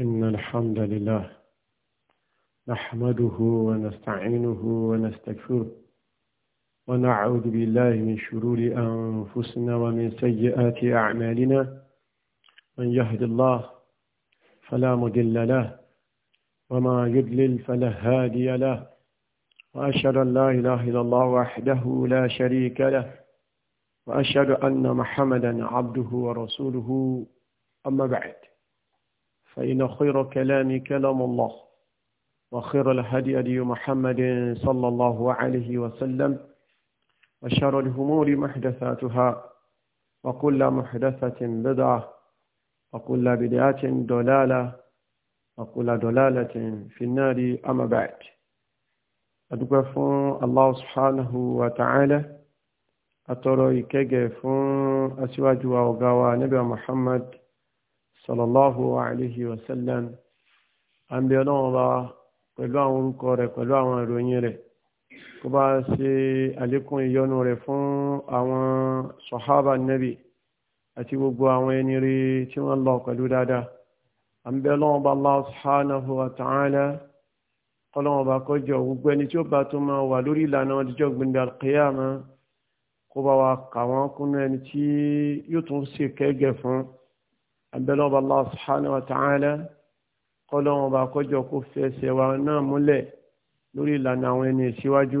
إن الحمد لله نحمده ونستعينه ونستكفره ونعوذ بالله من شرور أنفسنا ومن سيئات أعمالنا من يهد الله فلا مضل له وما يضلل فلا هادي له وأشهد أن لا إله إلا الله وحده لا شريك له وأشهد أن محمدا عبده ورسوله أما بعد فإن خير كلام كلام الله وخير الهدي أدي محمد صلى الله عليه وسلم وشر الهمور محدثاتها وكل محدثة بدعة وكل بدعة دلالة وكل دلالة في النار أما بعد adúpẹ́ الله سبحانه وتعالى wa كيف atọ́rọ ìkẹ́gẹ̀ نبي محمد sọlọ́láhu alayhi wa sallam à ń bẹ ọlọ́run bá pẹ̀lú àwọn orúkọ rẹ̀ pẹ̀lú àwọn ìròyìn rẹ̀ kó bá ṣe àlékún ìyọ́nú rẹ̀ fún àwọn sọ̀hábà nẹ́bì àti gbogbo àwọn ẹni rí tí wọ́n lọ pẹ̀lú dáadáa à ń bẹ wa ta'ala kọ́lọ́wọ́n bá kọjọ gbogbo ẹni tí ó bá tó máa wà lórí ìlànà ọdíjọ́ gbìndà kíyàmá kó bá wa kà wọ́n kúnnú ẹni tí yóò tún ṣe kẹ́gẹ́ fún un abẹ́lọ́ba Allah subhanahu wa ta'ala kọ́lọ́wọ́n ọba kọjọ kó fẹsẹ̀ wa náà múlẹ̀ lórí ìlànà àwọn ẹni ìṣíwájú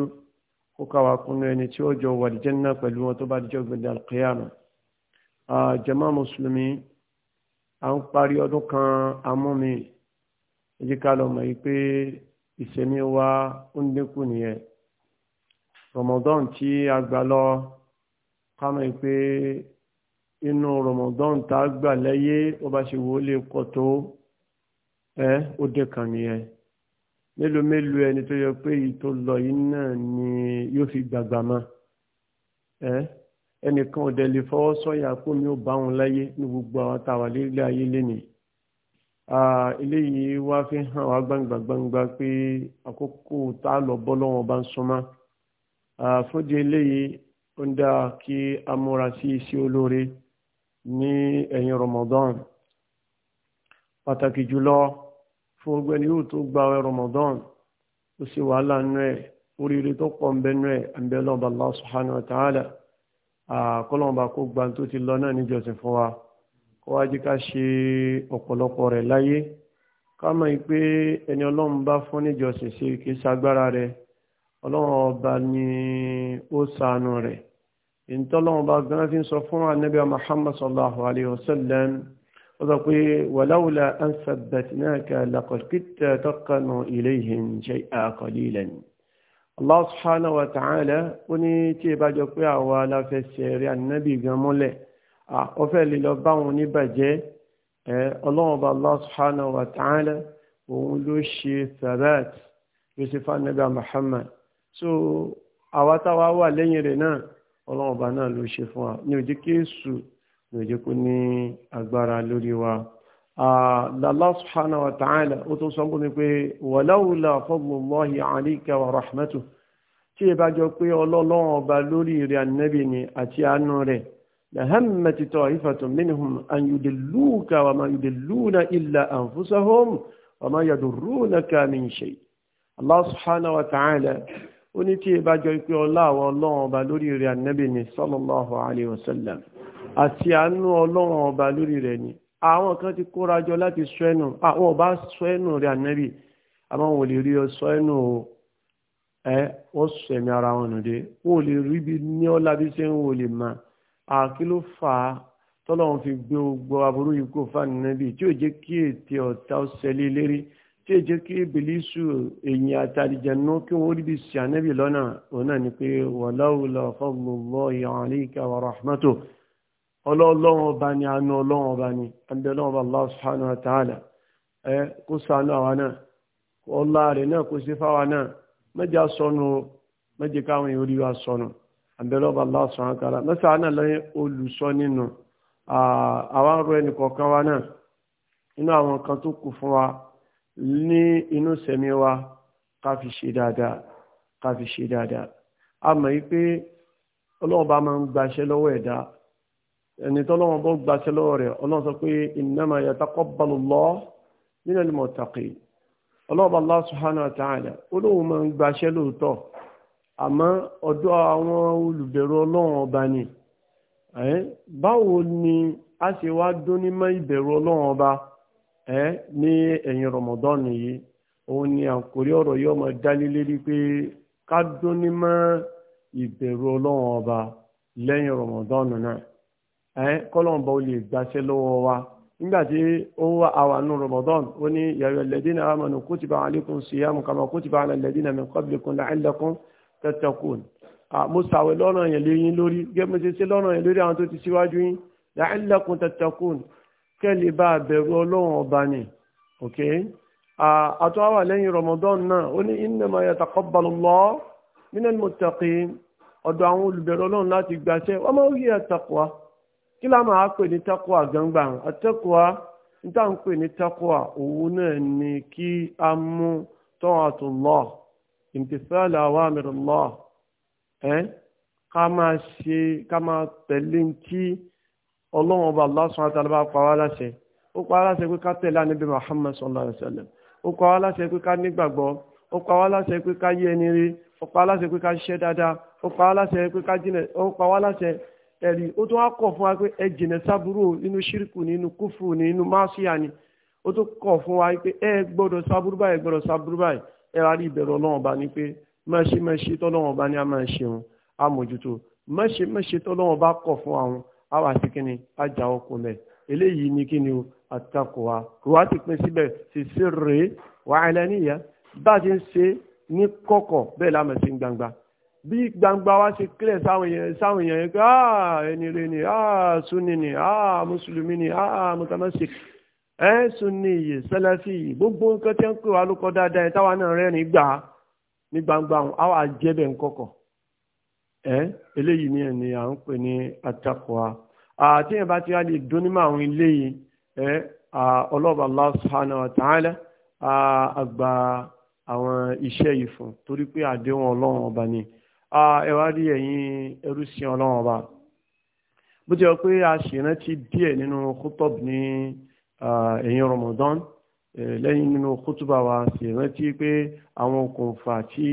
kó káwa kúnnú ẹni tí ó jọ wàdìjẹ́ náà pẹ̀lú wọn tó bá dijọ́ gbẹ̀dẹ̀ alqiyama jama mùsùlùmí à ń parí ọdún kan amúmi èyí ká lọ mọ̀ yìí pé ìsẹ̀mí wa ń dínkù nìyẹn Ramadan tí a gbà lọ ká mọ̀ yìí pé inú Ramadan tá a gbà lẹ́yé ó bá ṣe wò ó lè kọ́ tó ẹ́ ó dé kàn nìyẹn mélòó mélòó ẹni tó yẹ pé èyí tó lọ yìí náà ni yóò fi gbàgbà mọ́ ẹ́ ẹnìkan ò dẹ̀ lè fọwọ́ sọ̀yà pé mi ò bá wọn láyé ní gbogbo àwọn táwa lílé ayé lénìí eléyìí wá fi hàn wá gbangba gbangba pé àkókò tá a lọ bọ́ lọ́wọ́ bá ń súnmọ́ fúnjẹ eléyìí ó ń dáa kí a sí iṣẹ́ olóore ní ẹ̀yìn Ramadan pàtàkì jùlọ fún ọgbẹ́ni yóò tó gba ọ̀rẹ́ Ramadan ó sì wàhálà nú ẹ̀ oríire tó pọ̀ ń bẹ nú ẹ̀ ń bẹ lọ́ba Allah subhanahu wa ta'ala àkọlọ́mọba kó gba tó ti lọ náà níjọsìn fún wa kó wájú ká ṣe ọ̀pọ̀lọpọ̀ rẹ̀ láyé ká mọ̀ pé ẹni ọlọ́run bá fún níjọsìn ṣe kì í ṣagbára rẹ̀ ọlọ́run ọba ni ó ṣàánú rẹ̀ ìntọ́lọ́wọ́n bá gan fi ń sọ fún ànábì Muhammad sallallahu alayhi wa sallam ó sọ pé wàláwùlà an sabbatnaka laqad kitta taqanu ilayhim shay'an qalilan Allah subhanahu wa ta'ala ó ní tí ì bá jọ pé àwa aláfẹsẹ̀ rí ànábì gan mọ́lẹ̀ ọfẹ́ lè lọ bá wọn bá Allah wa ta'ala òun ló ṣe sabat ló ṣe fún ànábì Muhammad so àwa táwa wà lẹ́yìn rẹ̀ náà ọlọ́run ọba náà ló ṣe fún wa ní òjì kéésù ní òjì kó ní agbára lórí wa. Allah subhanahu wa ta'ala ó tún sọ fún mi pé wàláwùlà fadlullahi alayka wa rahmatuhu tí ì bá jọ pé ọlọ́run ọba lórí rẹ̀ ànábì ni àti àánú rẹ̀ lahammati ta'ifatun minhum an yudilluka wa ma yudilluna illa anfusahum wa ma yadurrunaka min shay ó ní tí ìbá jọ pé ọlá àwọn ọlọ́run ọba lórí rẹ̀ ànábì ni sallallahu alayhi wa sallam àti àánú ọlọ́run ọba lórí rẹ̀ ni àwọn kan ti kóra jọ láti sọ ẹnu àwọn ọba sọ ẹnu rẹ̀ ànábì àmọ́ wọn ò lè rí sọ ẹnu o ẹ wọ́n sọ ẹ̀mí ara wọn nùdé wọn ò lè rí bí ní ọlá bí ṣe ń lè mà àkí ló fà á tọ́lọ́run fi gbé gbọ́ aburú yìí kó fáànù nábì tí ò jẹ́ kí ètè ọ̀tá ó ṣẹlẹ̀ lérí tí èjẹ́ kí bìlísù èyìn àtàlìjẹ̀nú kí wọ́n rí bí sí ànẹ́bì lọ́nà ọ̀nà ni pé walaula fadlullahi alayka wa rahmatuh ọlọ́ọ̀lọ́wọ́ ọba ni àánú ọlọ́wọ́ ọba ni àbẹ̀lọ́wọ́ Allah subhanahu wa ta'ala ẹ kó sànú àwa náà ọlá rẹ̀ náà kó sí fáwa náà mẹ́jà sọnù mẹ́jẹ káwọn èèyàn orí wa sọnù àbẹ̀lọ́wọ́ Allah subhanahu wa ta'ala mẹ́sà ní inú sẹ̀mí wa ká fi ṣe dáadáa ká fi ṣe dáadáa a mọ̀ yí pé ọlọ́run bá máa ń gbaṣẹ́ lọ́wọ́ ẹ̀dá ẹni tọ́lọ́run bọ́ gbaṣẹ́ lọ́wọ́ rẹ̀ ọlọ́run sọ pé innama yataqabbalu Allah minal muttaqin ọlọ́run Allah subhanahu wa ta'ala olóhùn máa ń gbaṣẹ́ lóòótọ́ àmọ́ ọ̀dọ̀ àwọn olùbẹ̀rù ọlọ́run ọba ni báwo ni a ṣe wá dún ní mọ́ ìbẹ̀rù ọlọ́run ọba ẹ ní ẹ̀yìn Ramadan yìí òun ni àkórí ọ̀rọ̀ yìí ọmọ dálé lérí pé ká dúní mọ́ ìbẹ̀rù ọlọ́run ọba lẹ́yìn Ramadan náà ẹ kọ́lọ́run bá ó lè gbaṣẹ́ lọ́wọ́ wa nígbà tí ó wá àwà nù Ramadan ó ní ya ayyuhalladhina amanu kutiba alaykum siyamu kama kutiba ala alladhina min qablikum la'allakum tattaqun mo sàwẹ̀ lọ́rọ̀ yẹn lé yín lórí gẹ́gẹ́ bí mo ṣe ṣe lọ́rọ̀ yẹn lórí àwọn tó ti síwájú yín la'allakum tattaqun kẹ́lẹ̀ bá bẹ̀rù ọlọ́run ọba ni ok àtọ́ àwà lẹ́yìn Ramadan náà ó ní innama yataqabbalu Allahu minal muttaqin ọ̀dọ̀ àwọn olùbẹ̀rù ọlọ́run láti gbaṣẹ́ wọ́n máa ń rí àtàkùwà kí lá máa pè ní tákùwà gbangba àtàkùwà níta ń pè ní tákùwà òun náà ni kí a mú ta'atullah imtithal awamirillah ẹ́ ká máa ṣe ká máa tẹ̀lé ń ọlọ́run ọba Allah subhanahu wa ta'ala bá pa wá láṣẹ ó pa wá láṣẹ pé ká tẹ̀lé ànábì Muhammad sallallahu alayhi wa sallam ó pa wá láṣẹ pé ká nígbàgbọ́ ó pa wá láṣẹ pé ká yé ẹni rí ó pa wá láṣẹ pé ká ṣiṣẹ́ dáadáa ó pa wá láṣẹ pé ká jìnà ó pa wá láṣẹ ẹ̀rí ó tún wá kọ̀ fún wa pé ẹ jìnà sábúrò nínú ṣírìkù nínú kúfù nínú máṣíà ni ó tún kọ̀ fún wa pé ẹ gbọ́dọ̀ sábúrú báyìí gbọ́dọ̀ àwa sí kíni ajá okùn lẹ̀ eléyìí ni kíni o àtakùwà kùwà ti pín síbẹ̀ ṣiṣẹ́ rèé wàhálà níyà bá a ti ń ṣe ní kọ̀kọ̀ bẹ́ẹ̀ lámọ̀ sí gbangba bí gbangba wa ṣe kílẹ̀ sáwọn èèyàn sáwọn èèyàn yẹn pé ah ẹni rẹ ni ah sunni ni ah mùsùlùmí ni ah mùtàmásì ẹ sunni yìí sẹlẹfì yìí gbogbo nǹkan tí wọn pè wá ló kọ dáadáa ẹ táwa náà rẹ́rìn gbà ní gbangba àwọn àjẹbẹ̀ ńkọ̀kọ̀ ẹ eléyìí ni ẹni à ń pè ní atakwa àti ẹ̀ bá ti á lè dónímọ̀ àwọn eléyìí ẹ ọlọ́ba Allah subhanahu wa ta'ala àgbà àwọn iṣẹ́ yìí fún torí pé àdéhùn ọlọ́run ọba ni ẹ wá rí ẹ̀yin ẹrú sí ọlọ́run ọba bó ti yọ pé a ṣèrántí díẹ̀ nínú kútọ́b ní ẹ̀yìn Ramadan lẹ́yìn nínú kútùbà wa ṣèrántí pé àwọn okùnfà tí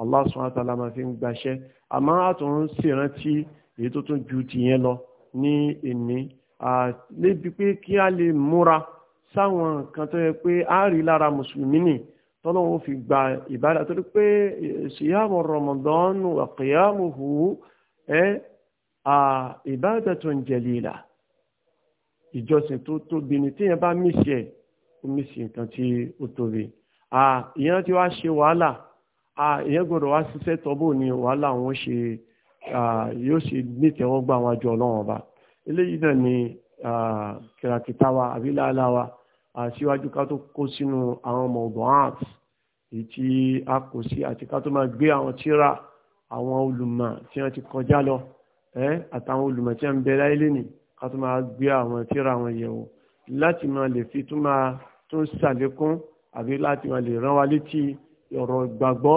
Allah subhanahu wa ta'ala fi ń gbaṣẹ́ àmọ́ àtún ṣèrántí èyí tó tún ju tìyẹn lọ ní èní lébi pé kí a lè múra sáwọn nǹkan tó yẹ pé a rí lára mùsùlùmí nì tọ́lọ́wọ́ fi gba ìbádà torí pé ṣìyàmù e, Ramadan wa qiyamuhu ẹ́ ibadatun jalila ìjọsìn tó tóbi ni tí yẹn bá mí ṣe é ó mí ṣe nǹkan tí ó tóbi ìyẹn ti wá ṣe wàhálà ìyẹn gbọ́dọ̀ wá ṣiṣẹ́ tọ́bù ni wàhálà wọn ṣe yóò ṣe nítẹ̀wọ́gbà wọn àjọ ọlọ́run ọba eléyìí náà ni kìràkìtà wa àbí láàlá wa síwájú ká tó kó sínú àwọn ọmọ ọ̀dọ̀ art èyí tí a kò sí àti ká tó máa gbé àwọn tíra àwọn olùmọ̀ tí wọ́n ti kọjá lọ àtàwọn olùmọ̀ tí wọ́n ń bẹ láyé lẹ́nìí ká tó máa gbé àwọn tíra àwọn yẹ̀wò láti máa lè fi tó máa tó ń ṣàlékún àbí láti máa lè rán wa létí ọ̀rọ̀ ìgbàgbọ́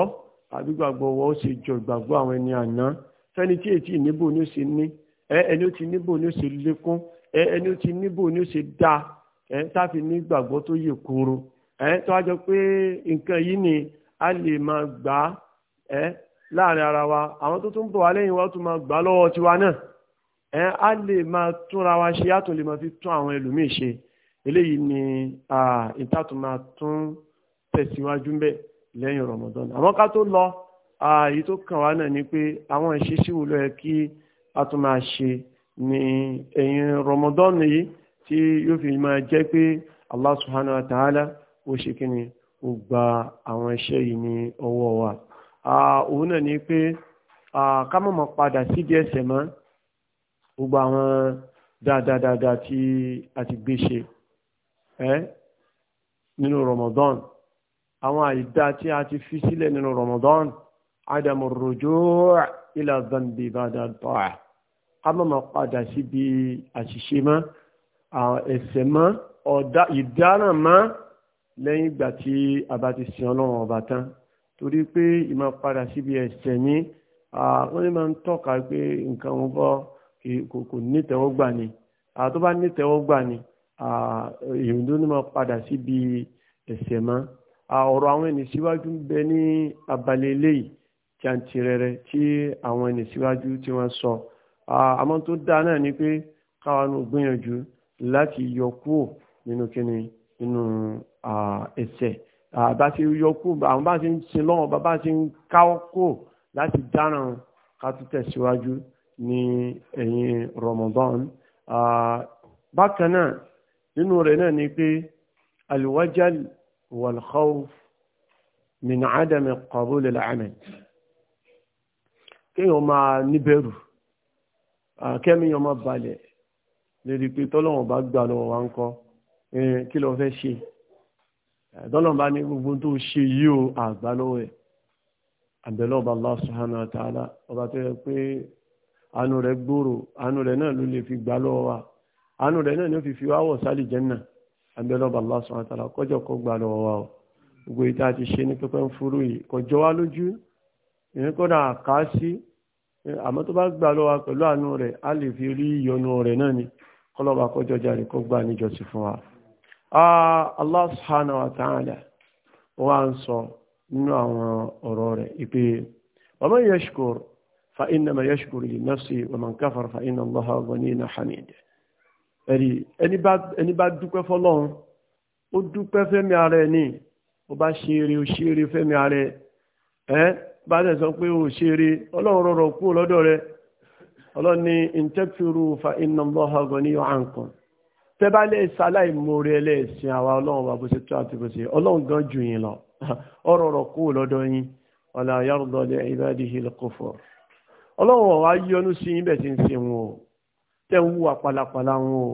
àbí gbàgbọ́ wọ́n ṣe jọ ìgbàgbọ́ àwọn ẹni àná fẹ́ni tí èyí níbo ni ó ṣe ní ẹni ó ti níbo ni ó ṣe lékún ẹni ó ti níbo ni ó ṣe dá táfi ní ìgbàgbọ́ tó yè kóró tó a jọ pé nǹkan yìí ni a lè máa gbà á láàrin ara wa àwọn tó tún bọ̀ wá lẹ́yìn wa tún máa gbà á lọ́wọ́ tiwa náà a lè máa túnra wa ṣe a tún lè máa fi tún àwọn ẹlòmíì ṣe eléyìí ni ìtàtùmá tún tẹ̀síwájú mbẹ́ lẹ́yìn Ramadan àmọ́ ká tó lọ ààyè tó kàn wá náà ni pé àwọn ìṣesí wo ló kí a tún máa ṣe ní ẹ̀yìn Ramadan yìí tí yóò fi máa jẹ́ pé Allah subhanahu wa ta'ala ó ṣe kí ni ó gba àwọn iṣẹ́ yìí ní ọwọ́ wa òun náà ni pé ká má máa padà síbi ẹsẹ̀ mọ́ gbogbo àwọn dáadáa tí a ti gbé ṣe nínú Ramadan àwọn àìdá tí a ti fi sílẹ̀ nínú Ramadan adamu rojo ila zambi bada tọ́à ká má máa padà síbi àṣìṣe mọ́ ẹ̀ṣẹ̀ mọ́ ìdáràn mọ́ lẹ́yìn ìgbà tí a bá ti sin ọlọ́run ọba tán torí pé ìmọ̀ padà síbi ẹ̀ṣẹ̀ ní wọ́n ní ń tọ́ka pé nǹkan wọn bọ́ kò nítẹ̀wọ́gbà ni tó nítẹ̀wọ́gbà ni ìrìndó ní máa padà síbi ẹ̀ṣẹ̀ mọ́ ọ̀rọ̀ àwọn ẹni síwájú ń bẹ ní abalẹ̀ eléyìí jàǹtìrẹrẹ tí àwọn ẹni síwájú tí wọ́n sọ àmọ́ tó dáa náà ni pé káwọn gbìyànjú láti yọ kúrò nínú kíni nínú ẹsẹ̀ bá ti yọ kúrò àwọn bá ti ń sin lọ́wọ́ bá ti ń káwọ́ kúrò láti dáràn ká tún tẹ̀síwájú ní ẹ̀yìn Ramadan bákan náà nínú rẹ̀ náà ni pé àlùwájálì. والخوف من عدم قبول العمل kéèyàn máa níbẹ̀rù kẹ́míyàn máa balẹ̀ lérí pé tọ́lọ́wọ̀n bá gbà lọ́wọ́ wa ń kọ́ kí lọ fẹ́ ṣe tọ́lọ́wọ̀n bá ní gbogbo tó ṣe yìí o àgbà lọ́wọ́ ẹ̀ àbẹ̀lọ́ba Allah subhanahu wa ta'ala ọba tó yẹ abẹ́lọ́ba Allah subhanahu wa ta'ala kọjọ kó gbà lọ́wọ́ wa o gbogbo ìta ti ṣe ní pípẹ́ ń furu yìí kọjọ wá lójú ìyẹn kọ́nà àkáàsí àmọ́ tó bá gbà lọ́wọ́ wa pẹ̀lú àánú rẹ̀ a lè fi rí ìyọnu rẹ̀ náà ni kọ́lọ́ba kọjọ jáde kó gbà níjọsìn fún wa. Allah subhanahu wa ń sọ nínú àwọn ọ̀rọ̀ rẹ̀ ìpè wa man yashkur fa innama yashkur li nafsi wa man kafara fa inna Allaha ẹ̀rí ẹni bá dúpẹ́ fọlọ́run ó dúpẹ́ fẹ́mi ara ẹ̀ ní ó bá ṣe eré ó ṣe eré fẹ́mi ara ẹ̀ ẹ́ bá tẹ̀ sọ pé ó ṣe ọlọ́run rọrọ̀ kú lọ́dọ̀ ọlọ́run ní fa iná lọ́hàgọ́ ní ọ̀hánkan tẹ́ bá lè ṣaláì mórí ẹlẹ́sìn àwa ọlọ́run bá bó ṣe tó àti bó ṣe ọlọ́run gan jù yín lọ ọrọ̀ rọ̀ kú lọ́dọ̀ yín ọ̀là yàrá lọ́dọ̀ ibadihi lọ́kọ̀fọ̀ ọlọ́run wà wá sí yín bẹ̀ ń ṣe wọn o. tẹ́ ń wà pàlàpàlà wọn o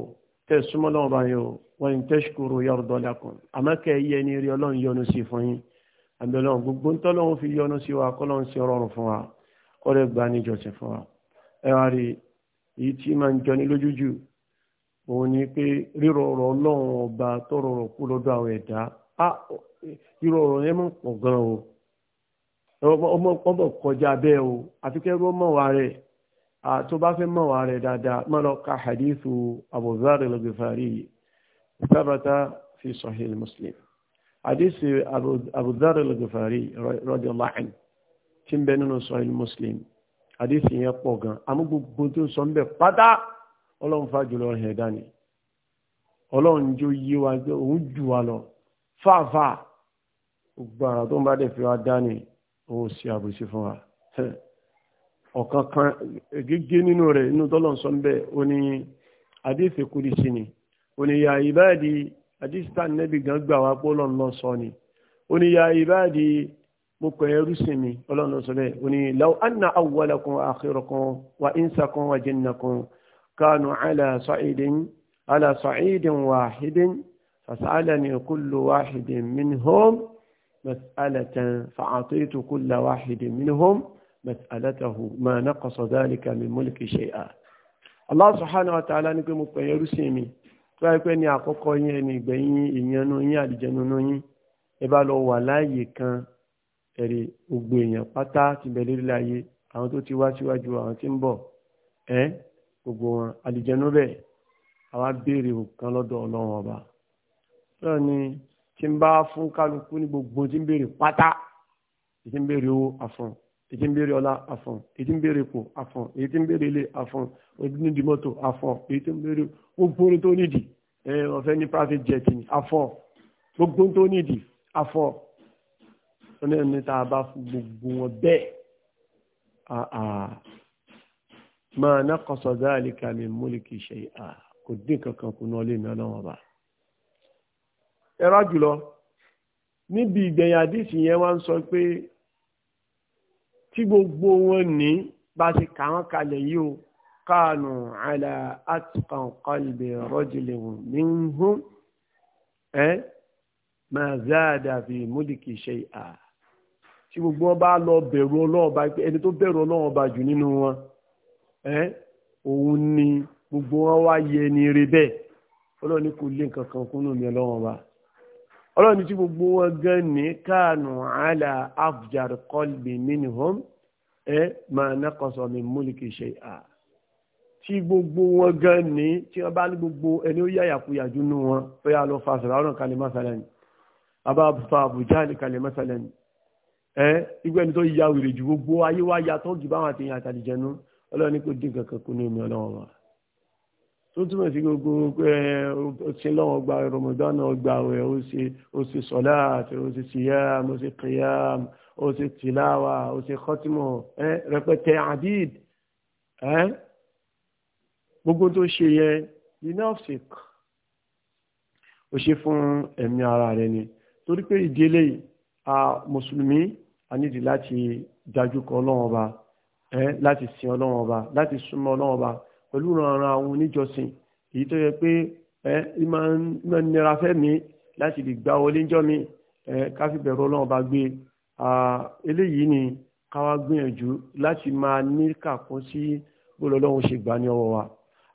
tẹ́ súnmọ́ lọ́wọ́ bá yẹn o wọ́n ń tẹ́ṣukúrò yọ̀rọ̀dọ̀ lakum àmọ́ kẹ́ yẹ ní rí ọlọ́run yọ́nú sí fún yín àbí ọlọ́run gbogbo ń tọ́lọ́run fi yọ́nú sí wa kọ́lọ́run sí ọrọ̀rùn fún wa kọ́lẹ́ gba níjọsìn fún wa ẹ wá rí èyí tí máa ń jọni lójújù òun ni pé rírọ̀ ọ̀rọ̀ ọlọ́run ọba tó kú lọ́dọ̀ àwọn ẹ̀dá rírọ̀ yẹn mọ̀ pọ̀ gan o ọmọ kọjá bẹ́ẹ̀ o àfikẹ́ rọ́mọ̀ wa rẹ̀ tó bá fẹ́ mọ̀ wá rẹ̀ dáadáa má lọ ka hadithu Abu Dharr al-Ghifari thabata fi sahih Muslim hadithu Abu Dharr al-Ghifari radiyallahu anhu tí ń bẹ nínú sahih Muslim hadithu yẹn pọ̀ gan àmọ́ gbogbo tó ń sọ ń bẹ pátá ọlọ́run fa jùlọ rẹ̀ dání ọlọ́run jó yé wa òun jù wa lọ fáfáà gbogbo tó ń bá dẹ̀ fi wa dání òun sì àbòsí fún wa ọ̀kan kan gígé nínú rẹ̀ inú tọ́lọ̀ ń sọ níbẹ̀ ó ní àdéhìí kúrìsì ni ó ní ya ìbáàdì àdéhìí tá nẹ́bí gan gbà wá pé ọlọ́run lọ sọ ni ó ní ya ìbáàdì mo pẹ̀ ẹrú sí mi ọlọ́run lọ sọ bẹ́ẹ̀ ó ní law anna awwalakum wa akhirakum wa insakum wa jinnakum kanu ala sa'idin ala sa'idin wahidin fasalani kullu wahidin minhum mas'alatan fa'atitu kulla wahidin minhum. مسألته ما نقص ذلك من ملك شيئا الله سبحانه وتعالى ta'ala ní pé mo pẹ̀yẹ rúsìn mi tó wáyé pé ní àkọ́kọ́ yín ẹni ìgbẹ̀yìn ìyẹnú yín àlìjẹnú yín ẹ bá lọ wà láàyè kan ẹ̀rí gbogbo èèyàn pátá ti bẹ̀rẹ̀ lílẹ̀ ayé àwọn tó ti wá síwájú àwọn tí ń bọ̀ ẹ́ gbogbo wọn àlìjẹnú bẹ́ẹ̀ àwa béèrè kan lọ́dọ̀ ọlọ́run ọba lọ́ọ̀ ni tí ń bá fún kálukú ní gbogbo tí ń béèrè pátá tí ń béèrè owó àfọ̀n èyí ń béèrè ọlá àfọ̀n èyí ń béèrè ipò àfọ̀n èyí tí ń béèrè ilé àfọ̀n èyí tí ń gbogbo ohun tó nídìí ẹ ọ̀fẹ́ ní private jet ni àfọ̀n gbogbo ohun tó nídìí àfọ̀n ọ̀nà tá a bá fún gbogbo wọn bẹ́ẹ̀ máa ná kọsọ̀ dáàlì kàmí múlìkì ṣe kò dín kankan kù náà lè ná lọ́wọ́ bá. ẹ rà jùlọ níbi ìgbẹ̀yìn yẹn wá ń sọ pé tí gbogbo wọn ní bá ti kà wọ́n kalẹ̀ yìí o káànù àlà àtùkàn qalbi rajulin minhum ẹ ma zada fi múlìkì shay'a tí gbogbo wọn bá lọ bẹ̀rù ọlọ́ọ̀ba ẹni tó bẹ̀rù ọlọ́ọ̀ba jù nínú wọn ẹ òun ni gbogbo wọn wá yẹ ni rí bẹ́ẹ̀ ọlọ́ọ̀ni kò lé nǹkan kúnnú mi ọlọ́wọ́n bá ọlọ́run ní tí gbogbo wọn gan ní káànù àlà afjar kọlbi minhum ẹ máa nákọsọ mi múlìkì ṣe à tí gbogbo wọn gan ní tí wọn bá ní gbogbo ẹni ó yá yàkuyàjú nù wọn ó yà lọ fa sọ̀rọ̀ ọ̀rọ̀ kalẹ̀ mọ́sálẹ̀ ni àbá fa àbújá ní kalẹ̀ mọ́sálẹ̀ ni ẹ igbó ẹni tó yà wèrè ju gbogbo ayé wá yàtọ̀ jù báwọn àti ìyàn àtàlìjẹnu ọlọ́run ní kò dín kankan kú ní omi ọlọ́wọ́ wa tó túmọ̀ sí gbogbo ṣẹlọ́wọ́ gba Ramadan ọgbà rẹ̀ ó ṣe ó ṣe sọ́lá àti ó ṣe siyam ó ṣe qiyam ó ṣe tìláwà ó ṣe kọ́tímọ̀ rẹpẹtẹ adid gbogbo tó ṣe yẹn inafsik ó ṣe fún ẹ̀mí ara rẹ̀ ni torí pé ìdílé a mùsùlùmí a nídi láti dájú kọ ọlọ́wọ́n ọba láti sin ọlọ́wọ́n láti súnmọ́ ọlọ́wọ́n pẹ̀lú ìrànràn àwọn oníjọsìn èyí tó yẹ pé ẹ ìmọ̀ nira fẹ́ mi láti lè gbá wọlé ńjọ́ mi ẹ káfí bẹ̀rù ọlọ́run bá gbé eléyìí ni káwá gbìyànjú láti máa ní kàkún sí bólọ́lọ́run ṣe gbà ní ọwọ́ wa.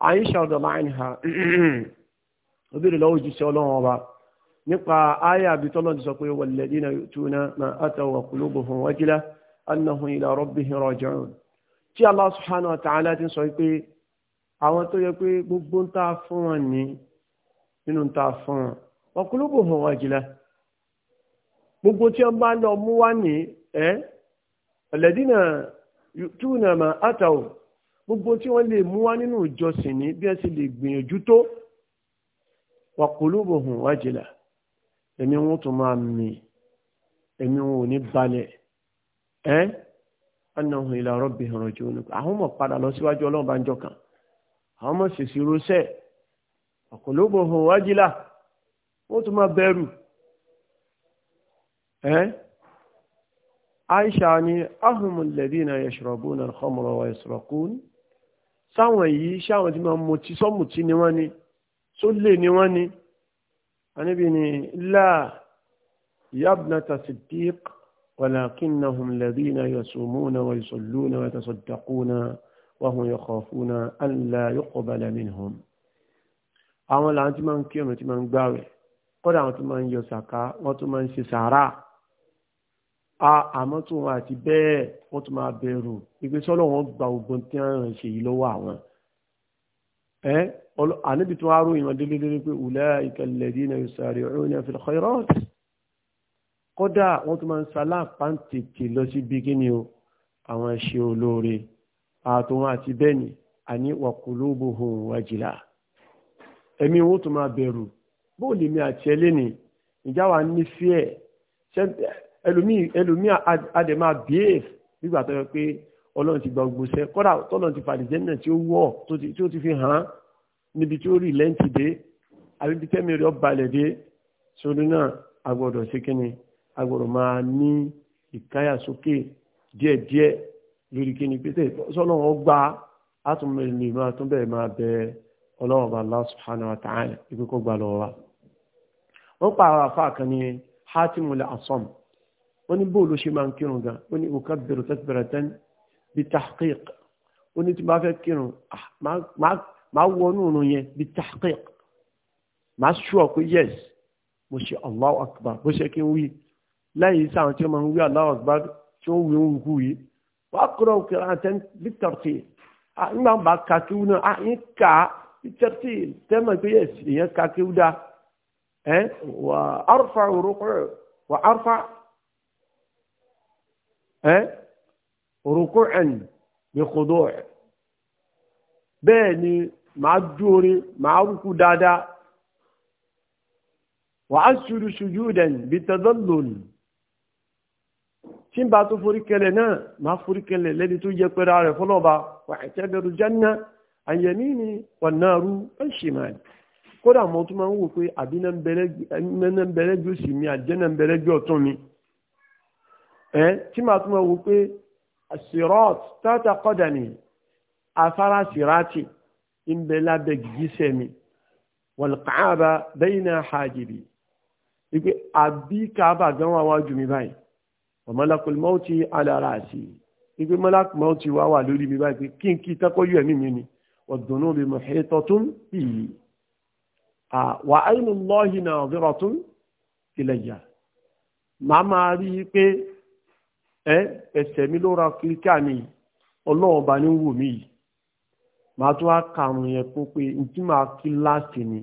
Aisha ọ̀dọ̀lá àìníhà ó bèrè lọ́wọ́ òjíṣẹ́ ọlọ́run ọba nípa ayé àbítọ́lọ́ ti sọ pé walladhina yu'tuna ma ataw wa qulubuhum wajilah annahum ila rabbihim raji'un tí Allah subhanahu wa ta'ala ti sọ pé àwọn tó yẹ pé gbogbo ń ta fún wọn ní nínú ń ta fún wọn ọkùnlógún hàn wá jìlá gbogbo tí wọn bá lọ mú wá ní ẹ ọlẹdínà túnà mà átàwọ gbogbo tí wọn lè mú wá nínú ìjọsìn ní bí ẹ sì lè gbìyànjú tó ọkùnlógún hàn wá jìlá ẹ̀mí wọn tún máa mì ẹ̀mí wọn ò ní balẹ̀ ẹ́ anahun ila rabbihim rajiun àwọn ọmọ padà lọ síwájú ọlọ́run bá ń jọ kàn àwọn ọmọ ṣèṣì rọṣẹ́ ọ̀pọ̀lọpọ̀ hàn wájìlá wọ́n tún máa bẹ̀rù ẹ́ Aisha ni ahumul ladina yashrabuna al-khamra wa yasraqun sáwọn yìí sáwọn tí máa mutí sọ́mùtí ni wọ́n ni tó lè ni wọ́n ni anábì ni láà yabnata siddiq walakinnahum ladina yasumuna wa yusalluna wa yatasaddaquna وهم يخافون أن لا يقبل منهم. àwọn làwọn tí máa ń kírun tí máa ń gbààwẹ̀ kódà àwọn tí máa ń yọ sàká wọ́n tún máa ń ṣe sàárà àmọ́ tó wọn àti bẹ́ẹ̀ wọ́n tún máa bẹ̀rù ìgbé sọ́lọ́ wọn gba ogun tí wọ́n ń ṣe yìí lọ́wọ́ àwọn ẹ́ àníbi tí wọ́n á wọn délé pé ulaika alladhina yusari'una fil khairat kódà wọ́n tún máa ń salá pàǹtẹ̀tẹ̀ lọ sí bí o àwọn ẹ̀ṣẹ̀ olóore àtòun àti bẹ́ẹ̀ni àní wàkùlóbòhùn wájìlá ẹ̀mí wọn tó máa bẹ̀rù bó lè mi àti ẹlé ni ìjà wa ní fíẹ̀ ẹlòmíì adẹ̀ máa bíè nígbà tó yẹ pé ọlọ́run ti gba gbogbo sẹ́ kọ́dà tọ́lọ́run ti fàdíjẹ́ náà tí ó wọ̀ tí ó ti fi hàn án níbi tí ó rí lẹ́ǹtì dé àbí tẹ́mi rẹ̀ balẹ̀ dé sórí náà agbọ́dọ̀ sí kínní agbọ́dọ̀ máa ní ìkáyà díẹ̀díẹ̀ lórí kíni pété sọlọ́wọ́n gba átúnmọ̀lẹ́ máa tún bẹ́ẹ̀ máa bẹ ọlọ́wọ́n bá Allah subhanahu wa ta'ala ibi kó gba lọ́wọ́ wa. wọ́n pa àwọn afá kan ní hatimul asom wọ́n ní bóòlù ṣe máa ń kírun gan wọ́n ní ukabbiru takbiratan bi tahqiq wọ́n ní tí bá fẹ́ kírun ah, máa wọnú òun yẹn bi tahqiq máa ṣú ọ pé mo ṣe Allahu akbar bó ṣe kí n wí lẹ́yìn sáà tí wọ́n máa ń wí Allahu akbar tí wọ́n wí ń wù yìí واقرأ قراءة بالترتيل أما بقى كاكيونا كا بالترتيل تم بيس هي كاكيودا ها وارفع ركوع وارفع ها ركوعا بخضوع بيني مع الجوري مع ركو دادا وأسجد سجودا بتذلل tí n bá tó forí kẹlẹ̀ náà máa forí kẹlẹ̀ lẹ́ni tó yẹ pẹ́ra rẹ̀ fọlọ́ba wà ẹ̀tẹ́ bẹ̀rù jẹ́nà àyẹ̀mí ni ọ̀nàrú ẹ̀ ṣì máa ní. kódà mo tún máa ń wò pé àbí náà ń bẹ̀rẹ̀ jù sí mi àjẹ́ náà ń bẹ̀rẹ̀ jù ọ̀tún mi. ẹ tí màá tún máa wò pé sirat tata kọ́dàní afárá sirati ń bẹ lábẹ́ gìgísẹ̀ mi wàlùkàába bẹ́yìn náà hajj ìpè àbí káàbà gan wà wájú mi báyìí ọ̀mọ́lákùn mọ́ọ̀tì alára àṣì ibi mọ́lákùn mọ́ọ̀tì wá wà lórí mi báyìí pé kí n kí tẹ́kọ́ yọ ẹ̀mí mi ni ọ̀dùnnú bí mo ṣe tọ́tún bìí wà áyínú lọ́ọ̀hìn náà ọ̀bẹ̀rọ̀ tún ilẹ̀ yà màá máa rí i pé ẹsẹ̀ mi ló ra kíríkà mi ọlọ́run ní wù mí yìí màá tún wá karùn yẹn kó pé ntí màá kí láàsì ni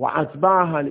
wà á ti bá hàn ní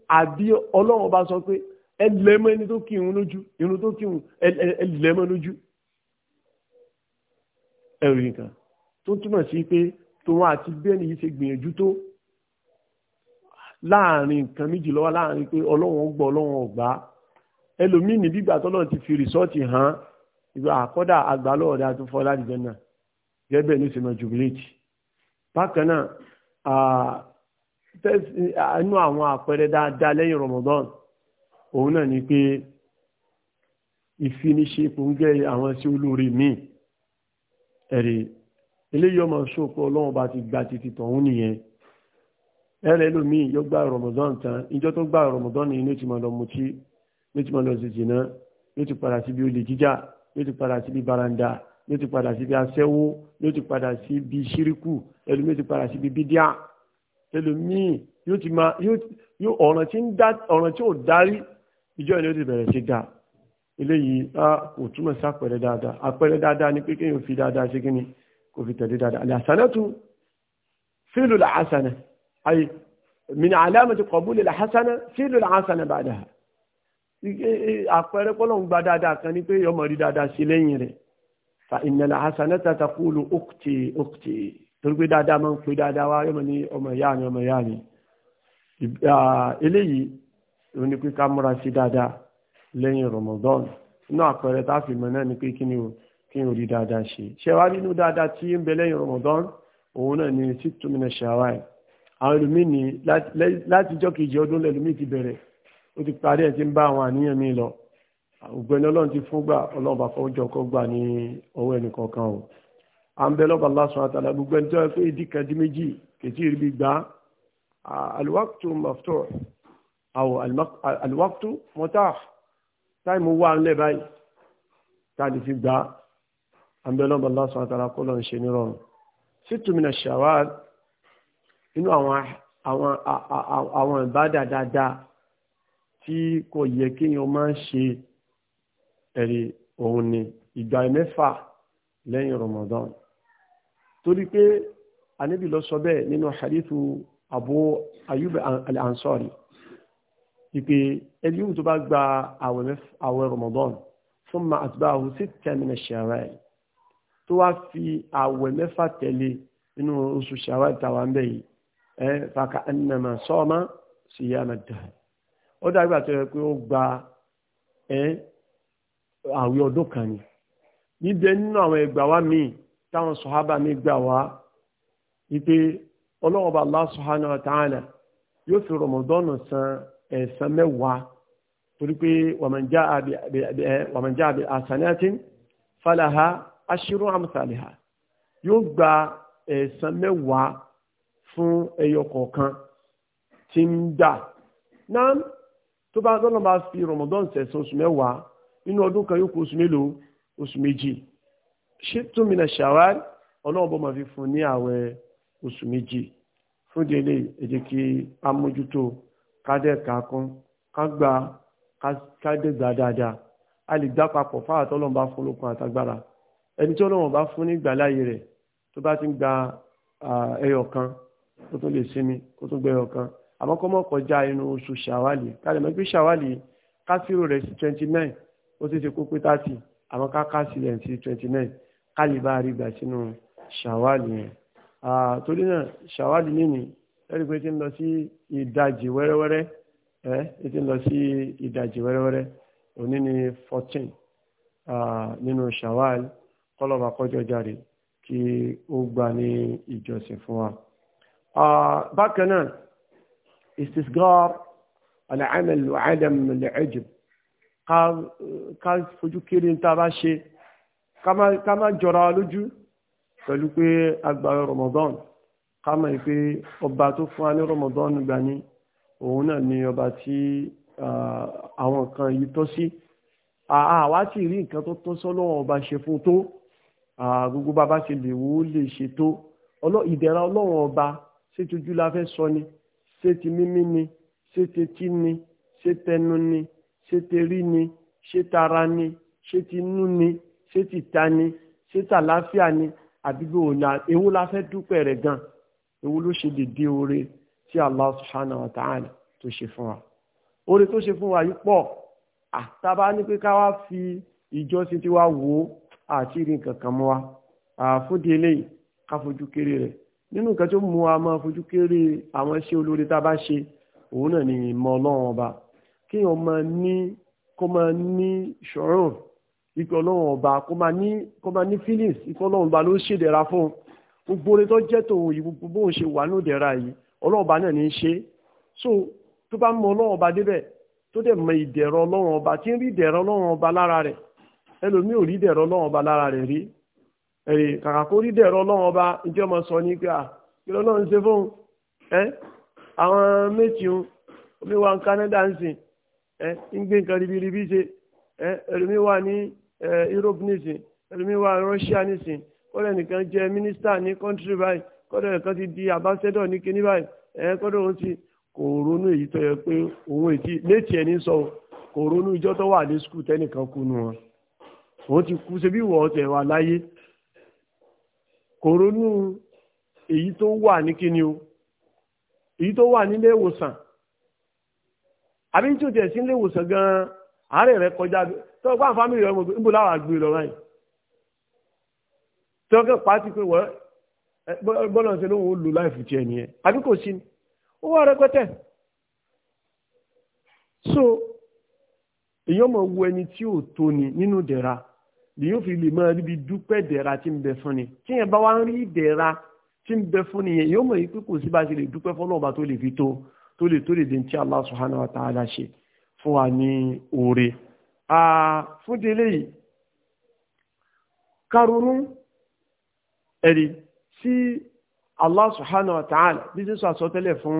àbí ọlọ́run bá sọ pé ẹ lẹ́mọ ẹni tó kí irun lójú irun tó kí irun ẹ lẹ́mọ lójú ẹ̀rù nǹkan tó túmọ̀ sí pé tòun àti bẹ́ẹ̀ni yìí ṣe gbìyànjú tó láàrin nǹkan méjì lọ́wọ́ láàrin pé ọlọ́run gbọ́ ọlọ́run ọ̀gbá ẹlòmíì ní bígbà tọ́lọ́run ti fi rìsọ́ọ̀tì hàn ìgbà àkọ́dà àgbálọ́ọ̀ tó fọ́ láti gẹ́gẹ́ bẹ́ẹ̀ ní ìsinmi jubilate bákan náà àánú àwọn àpẹẹrẹ dáadáa lẹ́yìn Ramadan òun náà ni pé ìfiniṣe pòǹgẹ́ àwọn sí olóore míì ẹ̀rì eléyìí ọmọ ṣòkò ọlọ́run bá ti gba títí tọ̀hún nìyẹn ẹ̀rẹ̀ lómii yóò gba Ramadan tán ìjọ tó gba Ramadan ni ló ti máa lọ mutí ló ti máa lọ zìzìnà ló ti padà síbi olè ẹlòmíì yóò ti máa yóò ọ̀ràn tí ń dá ọ̀ràn tí ò darí ìjọ ìlú ti bẹ̀rẹ̀ sí ga eléyìí á kò túmọ̀ sí àpẹẹrẹ dáadáa àpẹẹrẹ dáadáa ni pé kéèyàn fi dáadáa ṣe kíni kò fi tẹ̀lé dáadáa àlẹ́ àṣàlẹ́ tún fílù làásànà ayé min alamati qabuli alhasana filu alhasana ba'daha e, àpẹẹrẹ pọ́lọ̀n gba dáadáa kan ní pé yọmọ rí dáadáa sí lẹ́yìn rẹ̀ fa inna alhasanata taqulu uqti uqti torí pé dáadáa máa ń pe dáadáa wá yọmọ ní ọmọ ìyá mi ọmọ ìyá mi eléyìí ló ní pé ká múra sí dáadáa lẹ́yìn Ramadan inú àpẹẹrẹ tá a fi mọ̀ náà ni pé kí ni o kí n rí dáadáa ṣe ṣe wá nínú dáadáa tí ń bẹ lẹ́yìn Ramadan òun náà ni sítú mi náà ṣàwáì àwọn ẹlòmíì ní láti jọ́ kejì ọdún lẹ́lòmíì ti bẹ̀rẹ̀ ó ti parí ẹ̀ ti ń bá àwọn àníyàn mi lọ ògbẹ́ni ọlọ́run ti fún gbà ọlọ́run bá fọwọ́jọ́ kọ́ gbà ní ọwọ́ ẹnìkọ̀ọ̀kan o àǹbẹ̀lọ́bà Allah subhanahu wa ta'ala gbogbo ẹni tó yẹ fún ìdí kan dí méjì kìtì rí bí gbà á alwaqtu maftuh àwọn alwaqtu mutah táìmù wà ńlẹ̀ báyìí táàdì fi gbà á àǹbẹ̀lọ́bà Allah subhanahu wa ta'ala kó lọ́n ṣe nírọ̀rùn sittu mina shawal inú àwọn ìbádà dáadáa tí kò yẹ kéèyàn máa ń ṣe ẹ̀rí òun ni ìgbà mẹ́fà lẹ́yìn Ramadan torí pé ànábì ló sọ bẹ́ẹ̀ nínú hadithu Abu Ayyub al-Ansari ìpè ẹni yóò tó bá gba àwẹ̀ Ramadan thumma atba'ahu sittan min ash-Shawwal tó wá fi àwẹ̀ mẹ́fà tẹ̀lé nínú oṣù Shawwal tàwa ń bẹ̀ yìí ẹ̀ fàkà annama sama siyama ad-dahr ó dàgbà tó yẹ pé ó gba ẹ̀ àwẹ̀ ọdún kan ni níbẹ̀ nínú àwọn ẹgbàá wa míì táwọn sọ̀hábà mi gbà wá wípé ọlọ́run bá Allah subhanahu wa ta'ala yóò fi rọmọdọ́nù san ẹ̀san mẹ́wàá torí pé wa man ja'a bi hasanatin falaha ashiru amthaliha yóò gba ẹ̀san mẹ́wàá fún ẹyọ kọ̀ọ̀kan tí ń dà náà tó bá lọ́nà fi rọmọdọ́nù sẹ̀san oṣù mẹ́wàá nínú ọdún kan yóò kó oṣù mélòó oṣù méjì ṣètò mina ṣàwárí ọlọ́run bó máa fi fún ní àwẹ̀ oṣù méjì fún délé ẹ jẹ́ kí a mójútó kádẹ́ẹ̀ka kún ká gba kádẹ́gbà dáadáa a lè gbá papọ̀ fáwọn tọ́lọ́run bá fún lókun àtagbára ẹni tí ọlọ́run bá fún ní ìgbàláyè rẹ̀ tó bá ti ń gba ẹyọ kan kó tó lè sinmi kó tó gbẹ ẹyọ kan àmọ́ kọ́ mọ́ kọjá inú oṣù ṣàwálì kálẹ̀ mọ́ ṣàwálì kásìrò rẹ̀ sí twenty nine ó ti ṣe kó pé thirty àmọ́ ká kásìrò rẹ̀ sí twenty nine kálíbà àrígbà sínú ṣàwálì yẹn torí náà ṣàwálì nínú ẹ̀rí pé ti ń lọ sí ìdajì wẹ́rẹ́wẹ́rẹ́ ẹ̀ ti ń lọ sí ìdajì wẹ́rẹ́wẹ́rẹ́ òní ni fourteen nínú ṣàwálì kọ́lọ́ba kọjọ́ jáde kí ó gbà ní ìjọsìn fún wa. bákan náà istisgar alaamal adam alajib ká fojú kiri ní tá bá ṣe ká má jọra lójú pẹ̀lú pé àgbà Ramadan ká mọ̀ pé ọba tó fún wa Ramadan gbà ní òun náà ni ọba tí àwọn nǹkan yìí tọ́ sí àwa sì rí nǹkan tó tọ́ sọ́lọ́wọ́ ọba ṣe fún tó gbogbo bàbá ṣe lè wò lè ṣe tó ìdẹ̀ra ọlọ́run ọba ṣé tójú la fẹ́ sọ ni ṣé ti mímí ni ṣé tetí ni ṣé tẹnu ni ṣé terí ni ṣé tara ni ṣé tinú ni ṣé ti ta ni ṣé tàlàáfíà ni àdúgbò òní ewu la fẹ́ dúpẹ́ rẹ̀ gan ewu ló ṣe dédé Ore tí Allah subhanahu wa ta'ala tó ṣe fún wa oore tó ṣe fún wa yìí pọ̀ àtàbá ní pé ká wá fi ìjọsìn tí wá wò ó àti rí nǹkan mọ́ wa àfúndì eléyìí ká fojú kéré rẹ̀ nínú nǹkan tó mú wa máa fojú kéré àwọn iṣẹ́ olóore tá a bá ṣe òun náà ni ìmọ̀ ọlọ́run ọba kéèyàn máa ní kó máa ní ṣòro ikọ̀ ọlọ́run ọba kó máa ní kó máa ní feelings ikọ̀ ọlọ́run ọba ló ṣèdẹ̀ra fún un gbogbo orin tó jẹ́ tòun yìí gbogbo bóun ṣe wà lódẹ̀ra yìí ọlọ́run ọba náà ní í ṣe so tó bá mọ ọlọ́run ọba débẹ̀ tó dẹ̀ mọ ìdẹ̀rọ̀ ọlọ́run ọba tí ń rí ìdẹ̀rọ̀ ọlọ́run ọba lára rẹ̀ ẹlòmíì ò rí ìdẹ̀rọ̀ ọlọ́run ọba lára rẹ̀ rí ẹ̀rì kàkà kó rí ìdẹ̀rọ̀ ọlọ́run ọba ìjọ mọ sọ ní pé à kí lọ́lọ́run ń omi wa ń Eh, Europe nisin ẹlòmíì Russia nisin kọ́dọ̀ nìkan jẹ́ ní country báyìí kọ́dọ̀ nìkan ti di ambassador ní kinní báyìí ẹ eh, kọ́dọ̀ òun ti kò ronú èyí tó yẹ pé òun èti létí ẹni sọ kò ronú ìjọ tó wà ní skul tẹ́nìkan kú nu wọn wà ní o èyí tó wà nílé ìwòsàn àbí tí o tẹ̀ gan-an kọjá tó o gbá fámìlì rẹ mo gbé níbo láwàá gbé lọ báyìí tí wọ́n kẹ́ pàtí pé wọ́n gbọ́dọ̀ ṣe lóun ó lò láìfù tiẹ̀ nìyẹn àbí kò sí ni ó wà rẹpẹtẹ so èyàn mọ̀ wo ẹni tí ò tó ni nínú dẹ̀ra lèyàn fi lè máa ríbi dúpẹ́ dẹ̀ra tí ń bẹ fún ni tí yẹn bá wá ń rí dẹ̀ra tí ń bẹ fún ni yẹn èyàn mọ̀ yìí pé kò sí bá ṣe lè dúpẹ́ fún ọlọ́ọ̀bá tó lè fi tó tó lè tó lè dé tí Allah subhanahu wa ta'ala ṣe fún wa ní oore fún ti eléyìí karùnún ẹ̀rí sí Allah subhanahu wa ta'ala bí sísọ àsọtẹ́lẹ̀ fún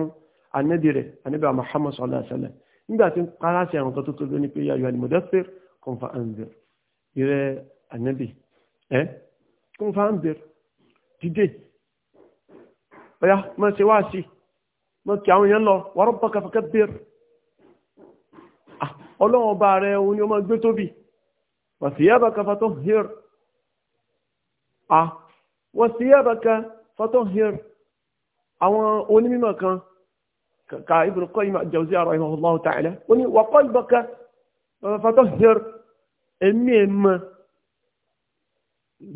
anẹ́bí rẹ̀ anẹ́bí Muhammad sallallahu alaihi wasallam nígbà tí ń kára sí àwọn kan tó tóbi ní pé ya ayyuhal mudaththir qum fa anzir ìrẹ́ anẹ́bí ẹ́ qum fa anzir dìde ọ̀yá mọ́ ṣe wá sí mọ́ kí àwọn èèyàn lọ wa rabbaka fakabbir ọlọ́run ọba rẹ̀ òun ni ó máa gbé tóbi wàsíyàbà kan fatọ́ hìr a wàsíyàbà kan fatọ́ hìr àwọn onímọ̀ kan ka Ibn Qayyim al-Jawziyya rahimahullahu ta'ala ó ní wa qalbaka fatọ́ hìr ẹ̀ mọ́